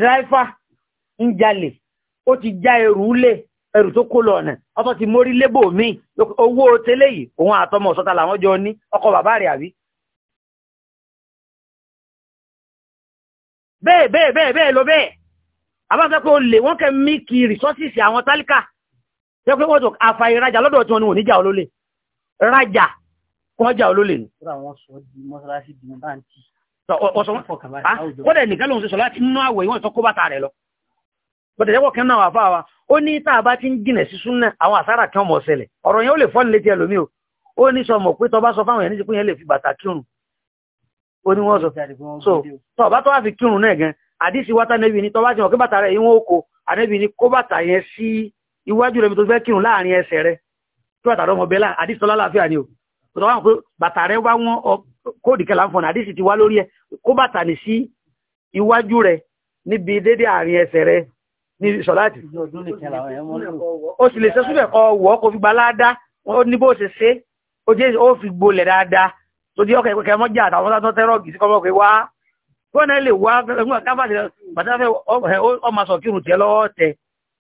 A: dráìfà ń jalè ó ti já ẹrù lé ẹrù tó kó lọ ọ̀nà ọtọ́ ti mórí lébò mi owó tẹ́lẹ̀ yìí òun àtọmọ ọ̀sọ́ta làwọn jọ ní ọkọ bàbá rẹ̀ àbí bẹ́ẹ̀ bẹ́ẹ̀ bẹ́ẹ̀ bẹ́ẹ̀ lọ bẹ́ẹ̀ àbáfẹ́ pé o lè wọ́n kẹ́ mí kí resources àwọn tálíkà tẹ́ pé wọ́n tó àfàìrajà lọ́dọ̀ tí wọ́n ní wọ́n níjà olólè rajà wọ́n jà olólè ní. Kọ́dẹ̀ nìkan ló ń ṣe sọ àwẹ̀ ìwọ̀n ìtọ́kọ́ bàtà rẹ̀ lọ. Bọ̀dẹ̀ jẹ́wọ́ kẹ́ náà wà fáwa, ó ní tàà bá ti ń jìnà sí súnnà àwọn àsárà kí ọmọ ọ̀sẹ̀lẹ̀. Ọ̀rọ̀ yẹn ó lè fọ́ nílé tí ẹlòmí o. Ó ní sọ mọ̀ pé tọ bá sọ fáwọn ẹni pé yẹn lè fi bàtà kírun. Ó ní wọ́n sọ tó wá pé bàtà rẹ wá wọn kóòdì kẹlà ń fọnà àdìsí ti wá lórí ẹ kó bàtà ní sí iwájú rẹ níbi dédé àárín ẹsẹ̀ rẹ ní sọláàtì ó sì lè sẹ́sùn ẹ̀kọ́ wọ́ kó fi gba láàdá ó ní bó ṣe ṣe ó jẹ́ ó fi gbolẹ̀ dáadáa tó di ọkọ̀ ìpẹ́kẹ́ mọ́jà àtàwọn sátán tẹ́rọ̀gì sí kọ́mọ́ pé wá gbọ́nà ilé wá ẹgbẹ́ káfàdé bàtà fẹ́ ọmọ sọ kírun tẹ lọ́wọ́ tẹ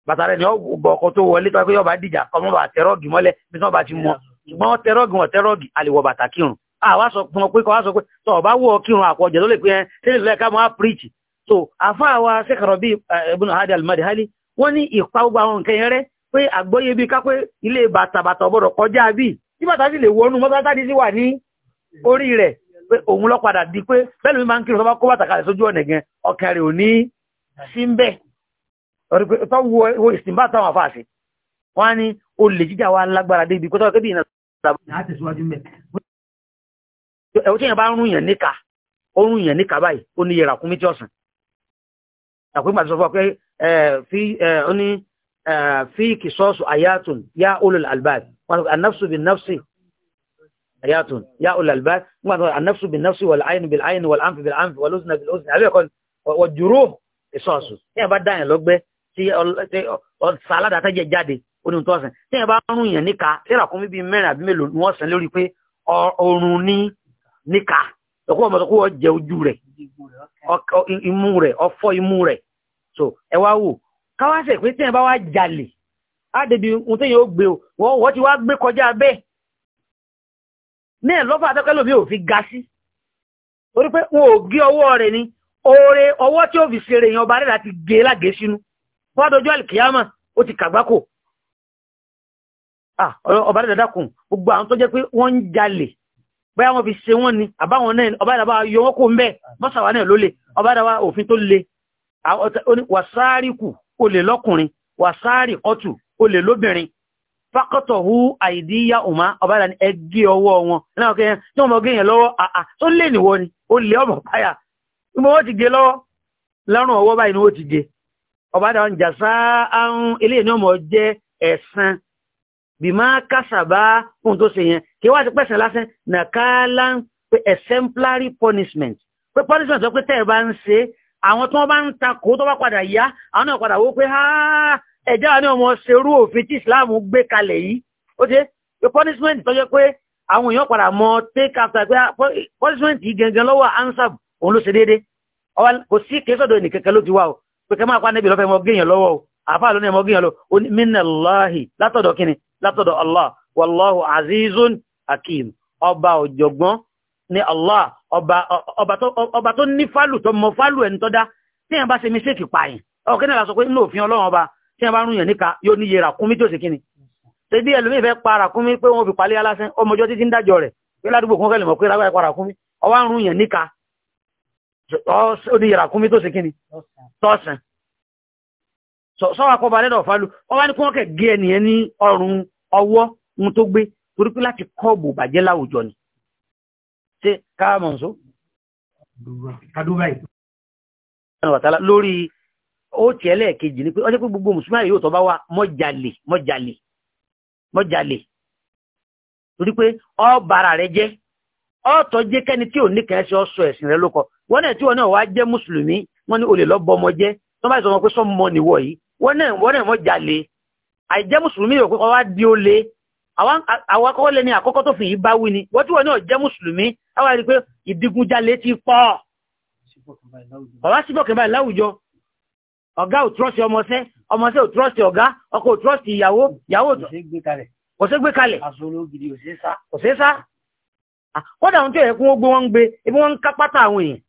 A: bàtà rẹ̀ ni ó bọ̀ ọkọ̀ tó wọlé tó wá pé yọba dìjà kọ́mọ́ bà tẹ́rọ̀gì mọ́lẹ̀ bí wọ́n bá ti mọ́ ṣùgbọ́n tẹ́rọ̀gùn ọ̀tẹ́rọ̀gì àlèwọ̀ bàtà kírun àwa sọ fún ọ pé kọ́ wá sọ pé tọ́ ọba wọ̀ kírun àpọ̀jẹ̀ ló lè pé tẹ́lẹ̀ lọ́yẹ̀ ká máa píríìtì so àfa àwa sẹ́kọ̀rọ̀ bíi eh, ibùnà hadi al-madhali wọ́n ní ìpa gbogbo àwọn nǹkan yẹn rẹ́ pé àgbọ́yé bíi kápẹ́ ilé bàtà bàtà ọ̀bọ̀dọ̀ kọjá bíi tí bàtà sì lè wọnú mọ́tàtàdì sí wà ní orí rẹ̀ pé òun lọ padà di pé bẹ́ẹ̀ lómi máa ń kírun tó jíjà wa lágbára débi kótó kébì ìnà ẹ̀wọ̀n tí yẹn bá ń rún yẹn níka ó rún yẹn níka báyìí ó ní yẹra kúmí tí ọ̀sán àkúrí pàtó sọ fún ọ pé ó ní fi kìsọ́ọ̀sù ayatun ya ulul albab annafsu bin nafsi ayatun ya ulul albab nígbà tó annafsu onímọ̀tọ́ sàn tí ẹ bá rún yàn níka tíra kún bíi mẹ́rin àbí mélòó ni wọ́n sàn lórí pé ọrùn ní níka ọkọ ọmọ ọkọ jẹ ojú rẹ̀ imú rẹ̀ ọfọ́ imú rẹ̀ so ẹ wá wò káwáṣẹ pé tí ẹ bá wá jalè á débi ohun tí yẹn ó gbé o wọ́n ti wá gbé kọjá bẹ́ẹ̀ ní ẹ̀ lọ́fà àtọ́kẹ́lò mi ò fi ga sí torí pé wọn ò gé ọwọ́ rẹ̀ ni oore ọwọ́ tí ó fi ṣeré ọba dada kun gbogbo àwọn tó jẹ́ pé wọ́n ń jalè bóyá wọ́n fi ṣe wọ́n ni àbáwọn náà ọba dada yọ wọ́n kò ń bẹ́ mọ́sàwá náà ló lè ọba dada òfin tó le o olè lọ́kùnrin wàsáàrí o olè lóbìnrin fákọ̀tọ̀ hu àìdíyà ọ̀má ọba dada ẹgbẹ́ ọwọ́ wọn náà kẹ́yìn tí wọ́n mọ̀ gẹ́yìn lọ́wọ́ àà tó lè nìwọ ni ó lè ọmọ páyà ní wọ́n ti gé lọ́wọ́ lọ́rùn ọwọ́ báyìí ni wọ́n ti gé ọba dada ń jà sáà ilé ìní ọmọ jẹ́ ẹ̀sán bí máa kásàbá fún tó ṣe yẹn kí wá ti pẹ̀sẹ̀ lásán nà káàlá ń pe exemplary punishment pé punishment sọ pé tẹ́ ẹ̀ bá ń ṣe àwọn tó bá ń takò tó bá padà yá àwọn náà padà wó pé ẹ̀já wa ní ọmọ ṣerú òfin tí Islam gbé kalẹ̀ yìí ó ṣe pé punishment tó jẹ́ pé àwọn èèyàn padà mọ take after pé punishment yìí gangan lọ́wọ́ ansab òun ló ṣe déédé kò sí kí sọ́dọ̀ ẹnìkẹ́kẹ́ ló ti wá o pé kẹ́ máa pa níbi lọ́fẹ̀ẹ́ mọ́ gẹ̀yàn látọ̀dọ̀ Allah wallahu azizun hakim ọba ọ̀jọ̀gbọ́n ni Allah ọba tó ní fálù tó mọ fálù ẹni tó dá tí yẹn bá ṣe mistake pààyàn ọ̀kẹ́ náà sọ pé nínú òfin ọlọ́run ọba tí yẹn bá rún yẹn níka yóò níye ràkúnmí tí ó sì kíni ṣe bí ẹlòmíì fẹ́ pa ràkúnmí pé wọ́n fi palẹ́ alásẹ́ ọmọjọ́ títí ń sọ́wọ́ akọba lẹ́dọ̀ ọ̀fàlú ọwá ní kí wọ́n kẹ̀ gé ẹnìyẹn ní ọrùn ọwọ́ ohun tó gbé torí pé láti kọ́ọ̀bù bàjẹ́ láwùjọ ni ṣe káàmọ̀ nsó. lórí ó tiẹ̀ lẹ́ẹ̀kejì ni pé ọjọ́ pé gbogbo mùsùlùmí àyè yóò tọ́ bá wa mọ́jàlè mọ́jàlè mọ́jàlè torí pé ọ bàrà rẹ jẹ́ ọ tọ́ jẹ́ kẹ́ni tí ò ní kẹ́ẹ́ sí ọ sọ ẹ̀sìn rẹ lóko wọ́n náà tí wọ́n wọ́n náà wọ́n náà mọ́ jalè àìjẹ́ mùsùlùmí yóò kọ́kọ́ wá di ó lé àwọn akọ́kọ́ lẹ́ni àkọ́kọ́ tó fi yìí bá wí ni wọ́n tí wọ́n náà jẹ́ mùsùlùmí àwọn àrí pé ìdigunjalè ti pọ̀ ọ̀wá síbọ̀kẹ̀ báyìí láwùjọ ọ̀gá ò trọ́sì ọmọṣẹ́ ọmọṣẹ́ ò trọ́sì ọ̀gá ọkọ ò trọ́sì ìyàwó ìyàwó ò ṣe gbé kalẹ̀ kò ṣe sá kódà wọn tó yẹ kí wọ́n gbé wọn gbé ebi wọn ń kápátá àwọn èèyàn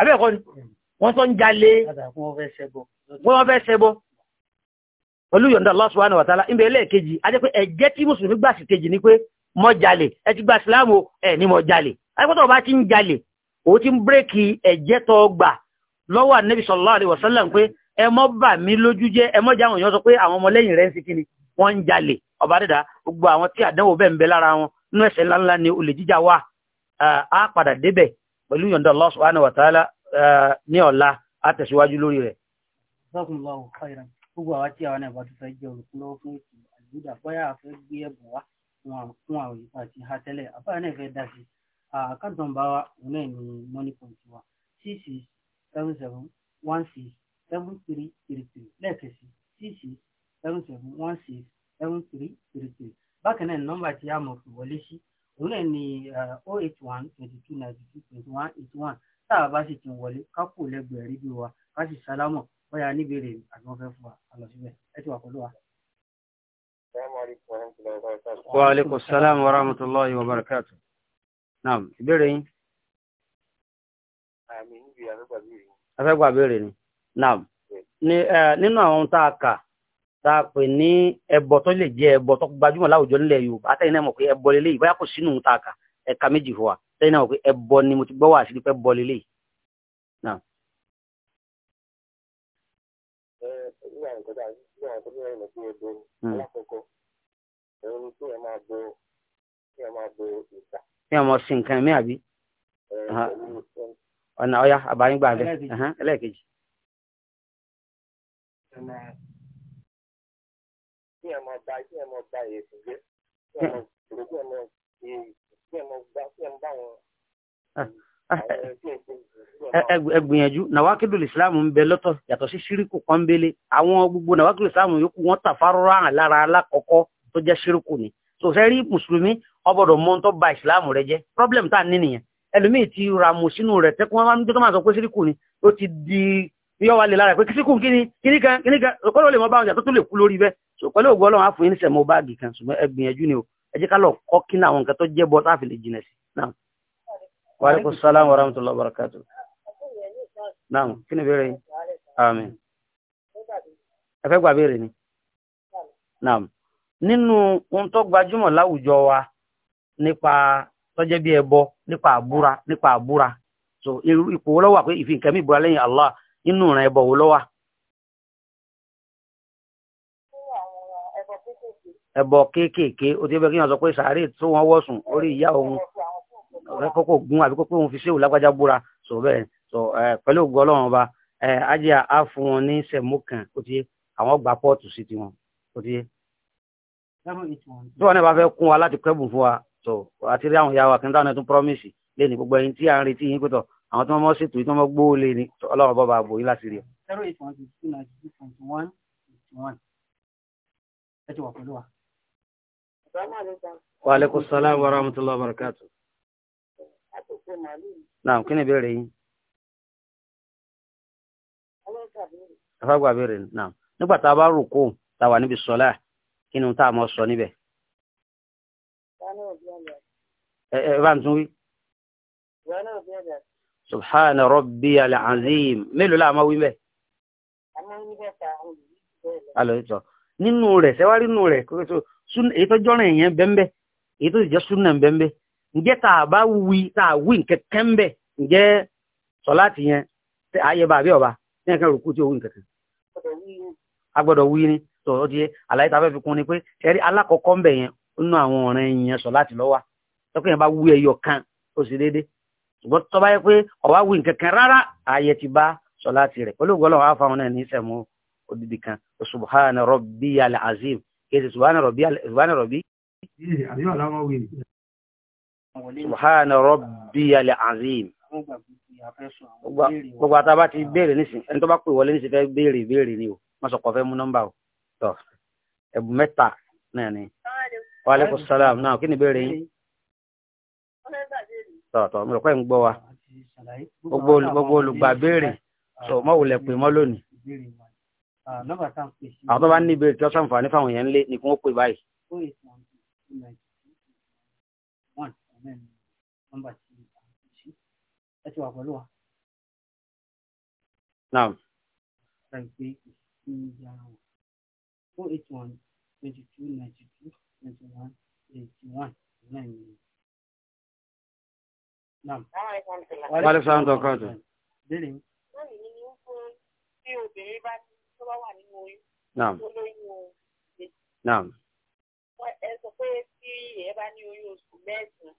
A: abẹ́ẹ̀kọ́ ni hmm. wọ́n tó ń jalè wọ́n wọ́n fẹ́ ṣẹbọ pẹ̀lú yọ̀ǹda Allah subhanahu wa ta'ala ìbẹ̀ ẹlẹ́ẹ̀kejì a jẹ́ pé ẹ̀jẹ́ tí mùsùlùmí gbà sí kejì ni pé mọ́ jalè ẹ ti gba ìsìláàmù ẹ̀ ní mọ́ jalè ayẹ́pọ̀tọ̀ bá ti ń jalè òun ti ń bírèkì ẹ̀jẹ́ tó gbà lọ́wọ́ ànábì sallallahu alaihi wasallam pé ẹ mọ́ bà mí lójú jẹ́ ẹ mọ́ jáwọn èèyàn sọ pé àwọn ọmọlẹ́yìn rẹ̀ ń sìnkí ni wọ́n ń jalè ọba dídá gbogbo àwọn tí àdánwò ni Allah subhanahu wa ọ̀la á tẹ̀síwájú lórí rẹ̀ Jazakumullahu khairan gbogbo àwa tí àwa náà bá tún fẹ́ jẹ́ olùkúlọ́wọ́ fún ètò àdúgbò bóyá a fẹ́ gbé ẹ̀bùn wá fún àwọn ìfà àti ha tẹ́lẹ̀ àbáyá náà fẹ́ dá sí àkáǹtàn bá wa òun náà ní money point wa six six seven seven one six seven three three three lẹ́ẹ̀kẹ́sì six six seven seven one six seven three three three bákan náà nọ́mbà tí a mọ̀ fi wọlé sí òun náà ní oh eight one twenty two ninety two twenty one eighty one tá a bá sì ti wọlé ká kò lẹ́gbẹ̀ẹ́ rédíò wa ká sì sálámọ̀ bóyá níbi rè àti wọn fún a lọ síbẹ̀ ẹ ti wà pẹ̀lú wa.
B: wa aleykum salaam wa rahmatulahi wa barakatu.
A: naam ìbéèrè yín.
B: àmì ìbí afẹ́gbàbéèrè ni.
A: afẹ́gbàbéèrè ni naam nínú àwọn tá a kà tá a pè ní ẹbọ tó lè jẹ ẹbọ tó gbajúmọ̀ láwùjọ nílẹ̀ Yorùbá náà pé ẹbọ a kà ẹ̀ka méjì fún wa náà pé ẹbọ ni mo ti gbọ́ sí pé
B: kódà ní àwọn tó ní ọ̀rọ̀ tí ẹ bo hmm. alákọ̀ọ́kọ́ òun ni kí ẹ máa bo kí ẹ máa bo ìta.
A: kí ẹ mọ sí nǹkan mi àbí ọ̀nà ọ̀yá àbáyín gbà bẹ́ẹ̀ ẹlẹ́ẹ̀kejì.
B: kí ẹ máa ba kí ẹ máa ba èsì jẹ
A: kí
B: ẹ máa kí kí ẹ máa bá wọn.
A: Ah, ah, ẹgbìyànjú nàwákìdùl islam ń bẹ lọ́tọ̀ yàtọ̀ sí ṣíríkù kọ́ńbélé àwọn gbogbo nàwákìdùl islam yòókù wọ́n tàfárọ́rọ́ àhàn lára alákọ̀ọ́kọ́ tó jẹ́ ṣíríkù ni tòṣẹ́ rí mùsùlùmí ọbọ̀dọ̀ mọ́ tó ba islam rẹ jẹ́ problem tá a ní nìyẹn ẹlòmíì ti ra mọ̀ sínú rẹ̀ tẹ́kun wọn máa ń gbé tó máa sọ pé ṣíríkù ni ó ti di yọ wa lè lára pé ṣíríkù kíni kíní kan kíní kan kọ́lọ́ lè mọ báwọn jà tó tún lè kú lórí bẹ́ẹ̀ so pẹ̀lú ògbọ́ ọlọ́run àfọyín ní sẹ̀mọ́ báàgì kan ṣùgbọ́n ẹ gbìyànjú ni o ẹ jẹ́ ká lọ kọ́ kí ní àwọn nǹkan tó jẹ́ bọ́ sáfì lè jìnà sí náà. wa alaikum salaam wa rahmatullahi náà kí ni ìbéèrè yín gba béèrè ni náà nínú ohun tó gbajúmọ̀ láwùjọ wa nípa tọ́jẹ́ bí ẹbọ nípa àbúra nípa àbúra so irú ipò wo ló wà pé mi Allah wo ẹbọ kéékèèké ti bẹ kí sọ pé sàárè tó wọn orí ìyá òun gun àbí òun fi ṣéwù lágbájá búra sọ so eh, pẹ̀lú ògùn ọlọ́run ọba eh, ajé a fún wọn ní sẹ̀mú kan ó ti àwọn gba pọ́ọ̀tù sí tiwọn ó ti tí wọn náà bá fẹ́ kún wa láti kẹ́bùn fún wa so àti rí àwọn ìyá wa kìnnìkan náà tún promise lé ní gbogbo ẹyin tí à ń retí yín pẹ̀tọ̀ àwọn tí wọ́n mọ́ ṣètò yìí tí wọ́n mọ́ gbówó lé ní ọlọ́run bọ́ba àbò yìí láti rí ọ. zero eight one six two nine six twenty one twenty one ẹ ti wà pẹ̀lú wa. wa aleykum salaam wa kí ni ìbéèrè yín afa gba béèrè náà nígbà tá a bá rò kó tá a wà níbi sọlá kí ni tá a mọ sọ níbẹ̀. ẹ ẹ bá ń tún wí. subhana rabbiyal azim mélòó la máa wí bẹ́ẹ̀. alo ìtọ nínú rẹ̀ sẹwárí nínú Sun. èyí tó jọrọ èèyàn bẹ́ẹ̀ èyí tó sì jẹ́ súnà bẹ́ẹ̀ ǹjẹ́ tá a bá wí tá a wí nǹkan kẹ́ńbẹ̀ ǹjẹ́ sọlá ti yẹn ayé bá a bí ọba ní ẹ̀ka rùkú tí owó nǹkan kan a gbọ́dọ̀ wí ni tó ọ díẹ̀ àlàyé tá a fẹ́ fi kún ni pé ṣẹ́rí alákọ̀ọ́kọ́ ńbẹ̀ yẹn nínú àwọn ọ̀ràn yẹn sọ láti lọ́wà tọ́kọ̀ yẹn bá wú ẹyọ kan ó sì déédé ṣùgbọ́n tó bá yẹ pé ọ̀wá wí nǹkan kan rárá ààyè ti bá sọ láti rẹ̀ pẹ̀lú ògbọ́lọ̀ fáwọn náà ní ìsẹ̀mú odidi kan subhana rabbiyal azim kèsì subhana rabbi subhana rabbi. subhana rabbiyal azim gbogbo àtàbà ti ah. béèrè nísìn ẹni tó bá pè wọlé nísìn fẹ́ béèrè béèrè ni o wọ́n sọ kọ́ fẹ́ mú nọ́mbà o tọ ẹ̀bùn mẹ́ta náà ni wàhálẹ́kùn sálàm náà kí ni béèrè yín
B: tọ̀tọ̀ mi ò pẹ́ ń gbọ́ wa gbogbo olùgbà béèrè ah, sọ mọ́
A: wulẹ̀ pè mọ́ lónìí.
B: Ah, àwọn
A: tó bá ní ìbéèrè tí wọ́n sàǹfààní fáwọn èèyàn ń lé ni kí wọ́n pè báyìí ẹ ti wà pẹ̀lú wa. Now. Ṣàìpé ìsinmi yàrá wọn. Four eight one twenty two ninety two ninety one eighty one nine nine. Now. Wàhálà ìsàn tó kọ́ tó.
B: Bẹ́ẹ̀ni. Báyìí
A: ni ó fún bí obìnrin bá ti tó bá wà nínú oyún. Now. Olóyún o. Now. Ẹ sọ pé tí ẹ bá ní oyún oṣù mẹ́sàn-án.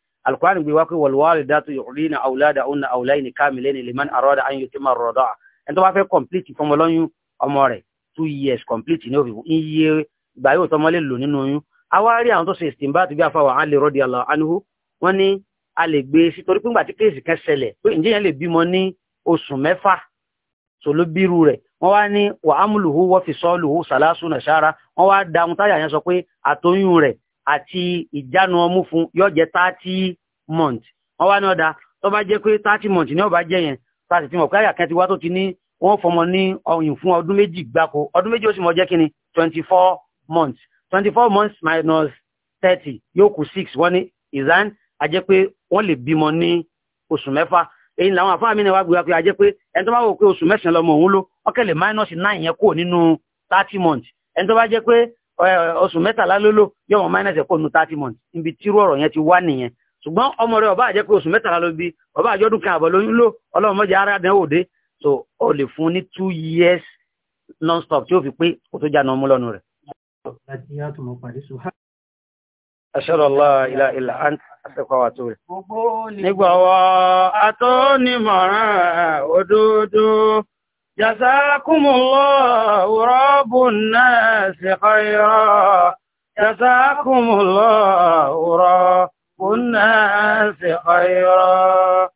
A: alukurani gbé wá pé wọ̀lúwárì dátú yọ̀rìnà àwùládà òun àwùláyìn kámilẹ́ ní lèman àrọ́dà ayò tí máa rọ̀dọ̀ ẹni tó bá fẹ́ kọ̀mplìtì fọmọ ọmọ rẹ̀ two years complete ní òfin iye ìgbà yóò tọmọ lè lò nínú oyún awárí àwọn tó ṣe ìsìnbá àti bí afáwọn alẹ́ rọ́dí Allah anhu wọ́n ní a lè gbé sí torí pínpà tí kéèsì kan ṣẹlẹ̀ pé ǹjẹ́ yẹn lè bímọ ní oṣù àti ìjánu ọmú fún yóò jẹ́ thirty month wọ́n wá ní ọ̀dà tó bá jẹ́ pé thirty month ní ọ̀bá jẹ́ yẹn tàbí tí mo pé àyà kan ti wá tó ti ní wọ́n fọmọ ní ọyìn fún ọdún méjì gbáko ọdún méjì ó sì mọ̀ jẹ́ kí ni twenty four months twenty four months minus thirty yóò kù six wọ́n ní ìzán ajẹ́ pé wọ́n lè bímọ ní oṣù mẹ́fà èyí làwọn àfáà mi náà wá gbéra pé ajẹ́ pé ẹni tó bá wò pé oṣù mẹ́sàn-án lọmọ òun ló ọkẹ́ lè minus nine yẹn kúrò nínú thirty months ẹni tó bá jẹ́ pé oṣù mẹ́tàlá lólò yọmọ minus ẹ̀kọ́ nu thirty months níbi tírú ọ̀rọ̀ yẹn ti wá nìyẹn ṣùgbọ́n ọmọ rẹ ọba àjẹ́ oṣù mẹ́tàlá ló bí ọba àjọ́dún kan àbọ̀ lóyún lò ọlọ́run mọ́jà ara dán òde so ó lè fún ní two years non-stop tí ó fi pé kò tó jáná ọmú lọ́nu rẹ̀. أشهد الله إلا إلا أنت أستغفرك وأتوب إليك.
B: جزاكم الله رب الناس خيرا جزاكم الله رب الناس خيرا